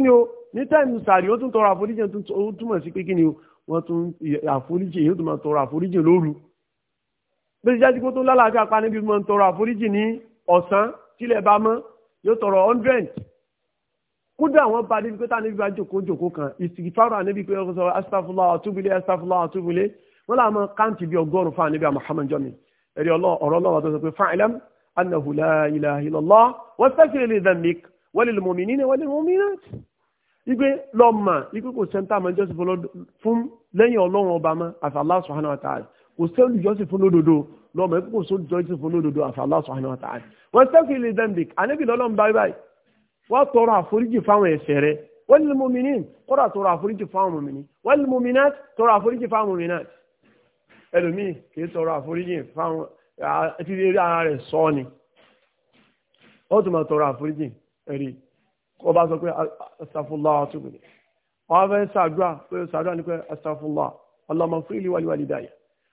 ni o ní táìmù sàárì ó tún ni o wọ́n tún àforíjì yóò tún mẹ́ tọrọ àforíjì lóru bí ti jáde kó tó lálàáfíà pa níbi mọ́ tọrọ àforíjì ní ọ̀sán tílẹ̀ bá mọ́ yóò tọrọ hundred kódà àwọn bá níbi pé tá níbi bá jòkó jòkó kan ìsìkìfàrọ àníbi pé ọkọ sọ astafula ọtúbulẹ astafula ọtúbulẹ wọn là máa káǹtì bí ọgọ́rùn fún àníbi àmàhàmà jọmi ẹrí ọ̀rọ̀ lọ́wọ́ tó sọ pé fa'lam annahu la ilaha illallah wastaghfir li dhanbik wa lil mu'minina wa lil mu'minat igbe lọọma igbe kò sẹńtà máa jọ́sìn fún lẹ́yìn Ọlọ́run ọba mọ àfi Allah subhanahu wa ta'ala kò sẹńtà jọ́sìn fún lódodo lọ́mọ ẹ̀ kókò sódì jọ́jú fún olódodo àfi Allah subhanahu wa ta'ala wọ́n sẹ́kì lè dẹ́mbìk ànábì lọ́lọ́m báyìí báyìí wọ́n tọrọ àforíjì fáwọn ẹ̀ṣẹ̀ rẹ̀ wọ́n lè mọ̀mìnì kọ́ra tọrọ àforíjì fáwọn mọ̀mìnì wọ́n lè mọ̀mìnà tọrọ àforíjì fáwọn mọ̀mìnà ẹlòmíì kì í tọrọ àforíjì fáwọn àti eré ara rẹ̀ sọ ni wọ́n tún máa tọrọ àforíjì ẹ̀rí kọ́ bá sọ pé astagfirullah àtúbù ni wọ́n sàdúrà pé sàdúrà ni pé astagfirullah Allahumma fúrìlì wàlíwàlí dáyà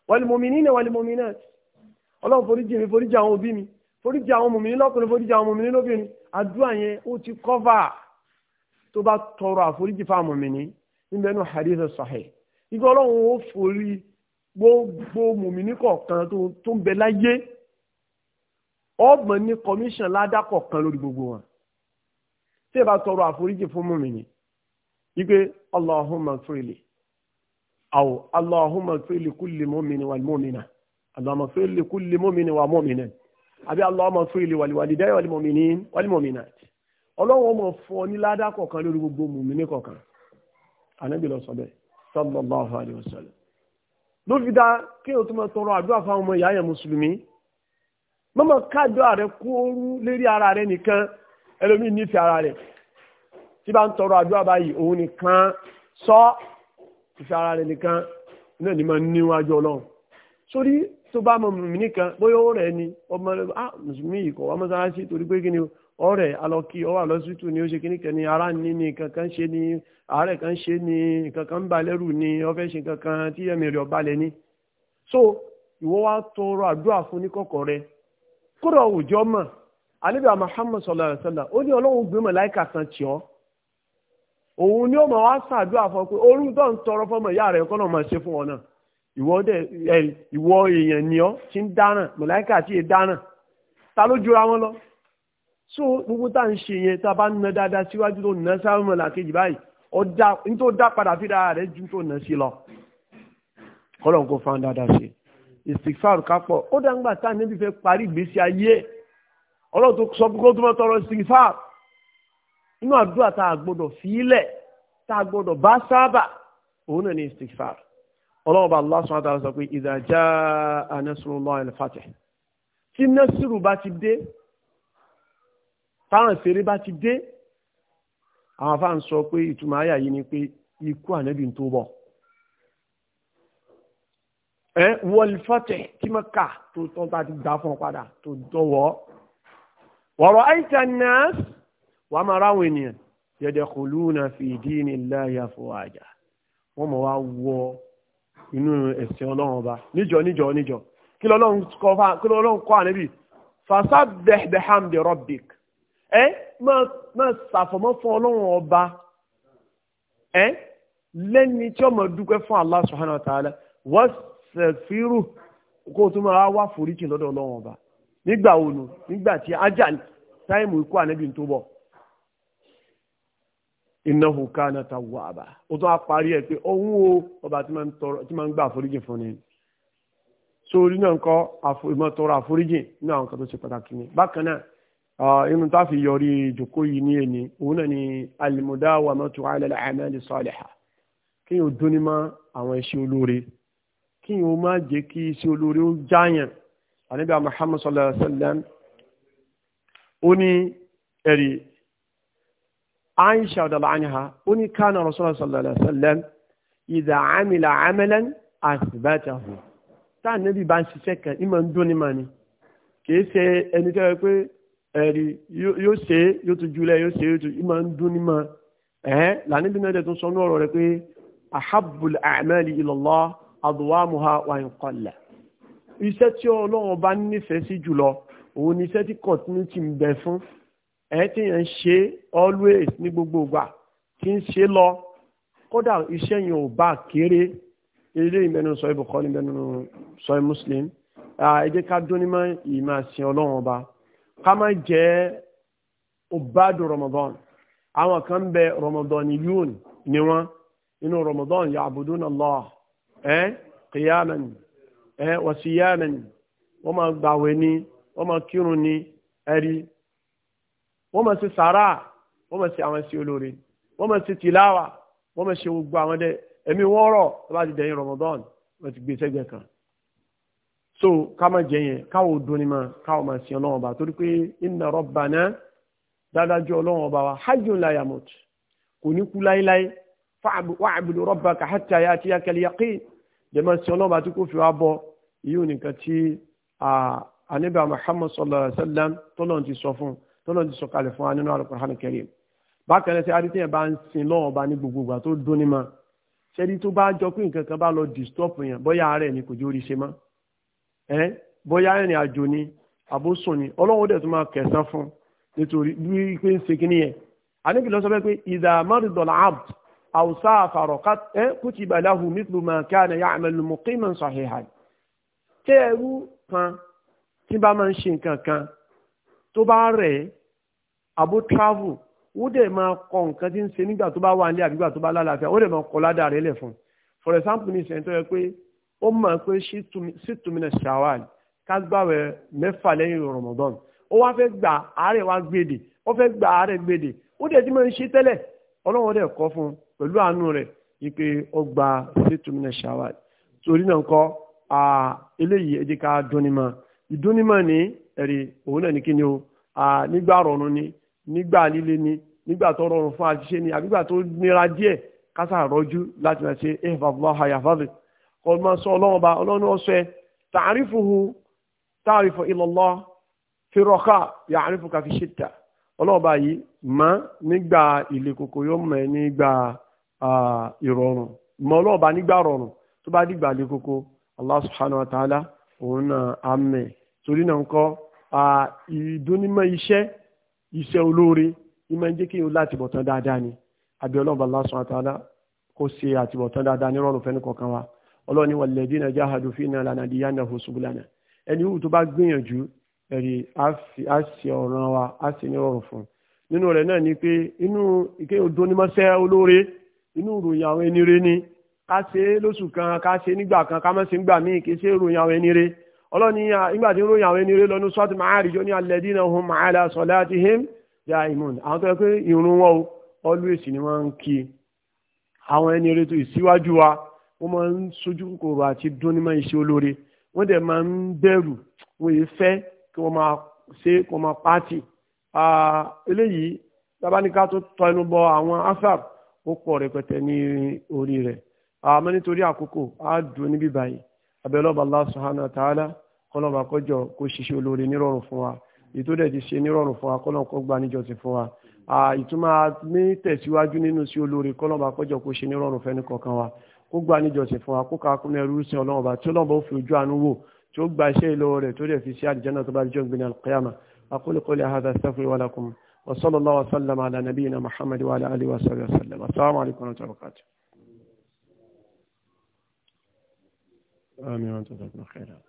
wàlímọ̀mìnì náà wàlímọ̀mìnà ọlọ́run foríjì mi foríjì àwọn òbí mi foríjì àwọn mùmínì lọ́kùnrin foríjì àwọn mùmínì lóbìnrin àdúrà yẹn ó ti kọ́fà tó bá tọrọ àforíjì fáwọn mùmínì níbẹ̀ nù hadith sahih ìgbà ọlọ́run ó forí gbogbo mùmínì kọ̀ọ̀kan tó ń bẹ láyé ọgbọ̀n ní commission ládà kọ̀ọ̀kan lórí gbogbo wọn tí ẹ bá tọrọ àforíjì fún mùmínì ìgbé allahumma fúrilì aw allahumma fúrilì kulli mu'minin wal mu'minah Allahumma fir li kulli mu'minin wa mu'minat àbí Allahumma fir li wàlíwàlídẹ́ wal mu'minin wal mu'minat ọlọ́run ọmọ fọ ní ládàá kọ̀ọ̀kan lórí gbogbo mùmíní kọ̀ọ̀kan ànábì lọ sọ bẹ́ẹ̀ sallallahu alaihi wasallam ló fi dá kí o tún máa tọrọ àdúrà fáwọn ọmọ ìyá yẹn mùsùlùmí mọ́mọ́ kájọ́ rẹ kóoru lérí ara rẹ nìkan ẹlòmíì nífẹ̀ẹ́ ara rẹ tí bá ń tọrọ àdúrà báyìí òun nìkan sọ ìfẹ́ ara rẹ nìkan náà ni máa ń níwájú ọlọ́run sórí tó bá mọ mùmíní o bóyá ó rẹ̀ ni ọmọ rẹ̀ ah mùsùlùmí yìí kọ̀ wá torí pé ni ọ̀rẹ́ alọ́kí ọwọ́ ni ó ṣe ni ara ni kankan ṣe ni àárẹ̀ kan ṣe ni kankan ń ni ọfẹ́ ṣe kankan tí ẹ̀mí rẹ̀ ni. so ìwọ wa tọrọ àdúrà fún rẹ kódà ó ní ọlọ́run gbé kan tì ọ́ òun ni ó wá sàdúrà fún ọ pé orúkọ ìyá ìwọ dẹ̀ ẹ ìwọ èèyàn ni ọ́ ti ń dáràn mọ̀láìkà tí ì dáràn ta ló jura wọn lọ so gbogbo tá à ń ṣe yẹn tá a bá ń ná dáadáa síwájú tó ná sáré mọ̀lá kejì báyìí ọjà nítorí dá padà fi dára rẹ̀ ju tó ná sí lọ kọ́lọ̀ kó fa dáadáa ṣe istikfar kápọ̀ ó dá ń gbà tá níbi fẹ́ parí ìgbésí ayé ọlọ́run tó sọ pé kó tó máa tọrọ istikfar inú àdúrà tá a gbọ́dọ̀ fílẹ̀ tá a gbọ́dọ̀ bá sábà òun náà ní istikfar ọlọ́ọ̀bà Allah subhanahu wa ta'ala sọ pé idha jaa nasrullahi wal fath tí nẹ́sùrù bá ti dé táwọn ìṣeré bá ti dé àwọn afá ń sọ pé ìtumọ̀ ayà yìí ni pé ikú ànábì ń tó bọ̀ ẹ wal fath kí mọ́ ká tó tán tá ti gbà fún padà tó dọ̀wọ́ wọ̀rọ̀ àìsàn an wọ́n mọ̀ wá wọ́ inú ẹ̀sìn ọlọ́run ọba níjọ níjọ níjọ kí lọ́lọ́run kọ́ ànábì fasabbih bihamdi rabbik ẹ máa ṣàfọ̀mọ́ fún ọlọ́run ọba ẹ lẹ́ni tí ó máa dúpẹ́ fún Allah subhanahu wa ta'ala wastaghfiruh kó o tún máa wá foríjì lọ́dọ̀ ọlọ́run ọba nígbà wo nu nígbà tí ajá táìmù ikú ànábì tó bọ̀ innahu kana tawwaba ó tún á parí ẹ̀ pé òun o ọba tí máa ń gbà àforíjì fún ni sórí náà kọ́ ìmọ̀tọrọ àforíjì ní àwọn kan tó ṣe pàtàkì ni bákan náà inú tá fi yọrí ìjòkó yìí ní èní òun náà ni al-mudawamatu ala al-a'mal as-salihah kí yóò dúnni mọ́ àwọn iṣẹ́ olóore kí yóò má jẹ́ kí iṣẹ́ olóore ó jáyàn àníbà Muhammad sallallahu alaihi wa ó ní ẹ̀rí aisha ọ̀dọ̀lá anha ó ní kánà rasulullah sallallahu alaihi wasallam idha amila amalan athbatahu táà níbi bá ń ṣiṣẹ́ kan ìmọ̀ ń dún ní màní kìí ṣe ẹni tó yẹ pé ẹ̀rí yóò ṣe yóò tún júlẹ̀ yóò ṣe yóò tún ìmọ̀ ń dún ní mà ẹ̀hẹ́ lànàbí náà tún sọ ní ọ̀rọ̀ rẹ pé ahabbul a'mali ila Allah adwamuha wa in qalla iṣẹ́ tí ọlọ́run bá nífẹ̀ẹ́ sí jùlọ òun ni iṣẹ́ tí kọ̀tínú ti ń bẹ ẹ̀ yẹn ń ṣe always ní gbogbo ìgbà tí ń ṣe lọ kódà iṣẹ́ yẹn ò bá kéré eré ìmẹ́nu sọ ibùkọ́ ní sọ Muslim ẹ jẹ́ ká dún ní mọ́ ìmọ̀ àṣìn ọlọ́run ọba ká má jẹ́ Ramadan àwọn kan bẹ Ramadan yún ni wọn inú Ramadan ya'buduna Allah ẹ qiyaman ẹ wa siyaman wọ́n máa ni wọ́n máa kírun ni wọ́n máa ṣe sàárà wọ́n máa ṣe àwọn ẹ̀sìn olóore wọ́n máa ṣe tìláwà wọ́n máa ṣe gbogbo àwọn ẹ̀dẹ́ ẹ̀mí wọ́n rọ̀ tó ti dẹ̀yìn Ramadan wọ́n ti gbé sẹ́gbẹ̀ẹ́ kan so ká má jẹ yẹn káwọ dunni ma káwọ máa sin ọlọ́wọ́n ba torí pé inna rabbana dáadájú ọlọ́wọ́n ba wa hajjun la yamut kò ní kú láéláé wa'budu rabbaka hatta ya'tiyaka al-yaqin jẹ́mọ́ sin ọlọ́wọ́n ba tí kò fi tọ́lọ́n ti sọ̀kalẹ̀ fún wa nínú Al-Qur'an Karim bákan ẹsẹ̀ aditẹ́yẹ bá ń sin lọ́wọ́ bá ní gbogbo ìgbà tó dún ní ma ṣẹ́ni tó bá jọ pé nǹkan kan bá lọ distop yẹn bóyá rẹ̀ ni kò jó rí ṣe mọ́ ẹ́ bóyá ìrìn àjò ni àbósùn ni ọlọ́run dẹ̀ tó máa kẹsàn fún nítorí bí pé ń ṣe kíní yẹn àníbi lọ sọ pé ìdá márùndọ̀lá abd àwùsá àfàrọ̀ ẹ́ kó ti bàlá tó bá rẹ̀ àbó travel ó dẹ̀ máa kọ nǹkan tí ń ṣe nígbà tó bá wà nílé àbígbà tó bá lálàáfíà ó dẹ̀ máa kọ ládàá rẹ̀ lẹ̀ fún un for example ní ìṣẹ̀yìn tó yẹ pé ó mọ̀ pé ṣìtúmínà ṣàwàl kágbáwẹ̀ mẹ́fà lẹ́yìn Ramadan ó wá fẹ́ gba àárẹ̀ wá gbèdè ó fẹ́ gba àárẹ̀ gbèdè ó dẹ̀ ti máa ń ṣe tẹ́lẹ̀ ọlọ́run dẹ̀ kọ́ fún un pẹ̀lú àánú rẹ̀ wípé ó gba ṣìtúmínà ṣàwàl torí náà kọ́ eléyìí ẹ ká dúnni mọ́ ni ẹ̀rí òun náà ní kí ni o nígbà rọrùn ni nígbà líle ni nígbà tó rọrùn fún àṣìṣe ni àbígbà tó nira díẹ̀ kásà rọjú láti máa ṣe ehfadllah yahfadhik kọ́ máa sọ ọlọ́run ọba ọlọ́run ọ̀sẹ̀ ta'rifuhu ta'rifu ilallah fi fi shitta ọlọ́run ọba yìí nígbà yóò mọ̀ ẹ́ nígbà ìrọ̀rùn ọlọ́run nígbà rọrùn tó bá koko Allah ìdúnímọ̀ iṣẹ́ iṣẹ́ olóore ìmọ̀ jẹ́ kí o láti bọ̀ tán dáadáa ni àbí ọlọ́run bá lásán àtàlá kó ṣe àtìbọ̀tán dáadáa ní rọrùn fẹ́ni kọ̀ọ̀kan wa ọlọ́run ni walladhina jahadu fina lanahdiyanahum subulana ẹni wù tó bá gbìyànjú ẹ̀rí á ṣe ọ̀ràn wa á ṣe ní rọrùn fún nínú rẹ̀ náà ni pé inú ike odonimọ̀ṣẹ́ olóore inú ìròyìn àwọn ẹni rẹ ni ká ṣe lóṣù kan ká ṣe nígbà kan ká má ṣe nígbà míì kì í ṣe ìròyìn àwọn ẹni rẹ ọlọ́ni ìgbàtí ah, ń ròyìn àwọn ẹni rẹ̀ lọ́nu sọ́tù ma'arij ó ní alladina hum ala salatihim daimun àwọn tó yẹ pé ìrun wọn o always ni wọ́n ń kí àwọn ẹni rẹ̀ tó ìsíwájú wa wọ́n máa ń sojú kòkòrò àti dún ní máa ń ṣe olóore wọ́n dẹ̀ máa ń bẹ̀rù wọ́n yìí fẹ́ kí wọ́n máa ṣe kí wọ́n máa pàtì ah, eléyìí tábánikà tó tọ́ ẹnu bọ àwọn afab ó pọ̀ rẹpẹtẹ ní orí rẹ̀ ah, àmọ́ nítorí àkókò á dùn níbí báyìí abẹ́lọ́ba Allah subhanahu wa ta'ala kọ́lọ́ba kọjọ kó ṣiṣẹ́ olóore nírọ̀rùn fún wa ètò dẹ̀ ti ṣe nírọ̀rùn fún wa kọ́lọ́ba kó gba níjọsìn fún wa ìtumọ̀ mi tẹ̀síwájú nínú sí olóore kọ́lọ́ba kọjọ kó ṣe nírọ̀rùn fẹ́ni kọ̀ọ̀kan wa kó gba níjọsìn fún wa kó ká kún ẹrú sí ọlọ́run ọba tí ọlọ́run bá fi ojú àánú wò tí ó gba iṣẹ́ ìlọ́wọ́ rẹ̀ tó dẹ̀ fi sí àlìjánnà tó bá jọ gbin alqiyama aqulu qawli آمين وأنتم خيرا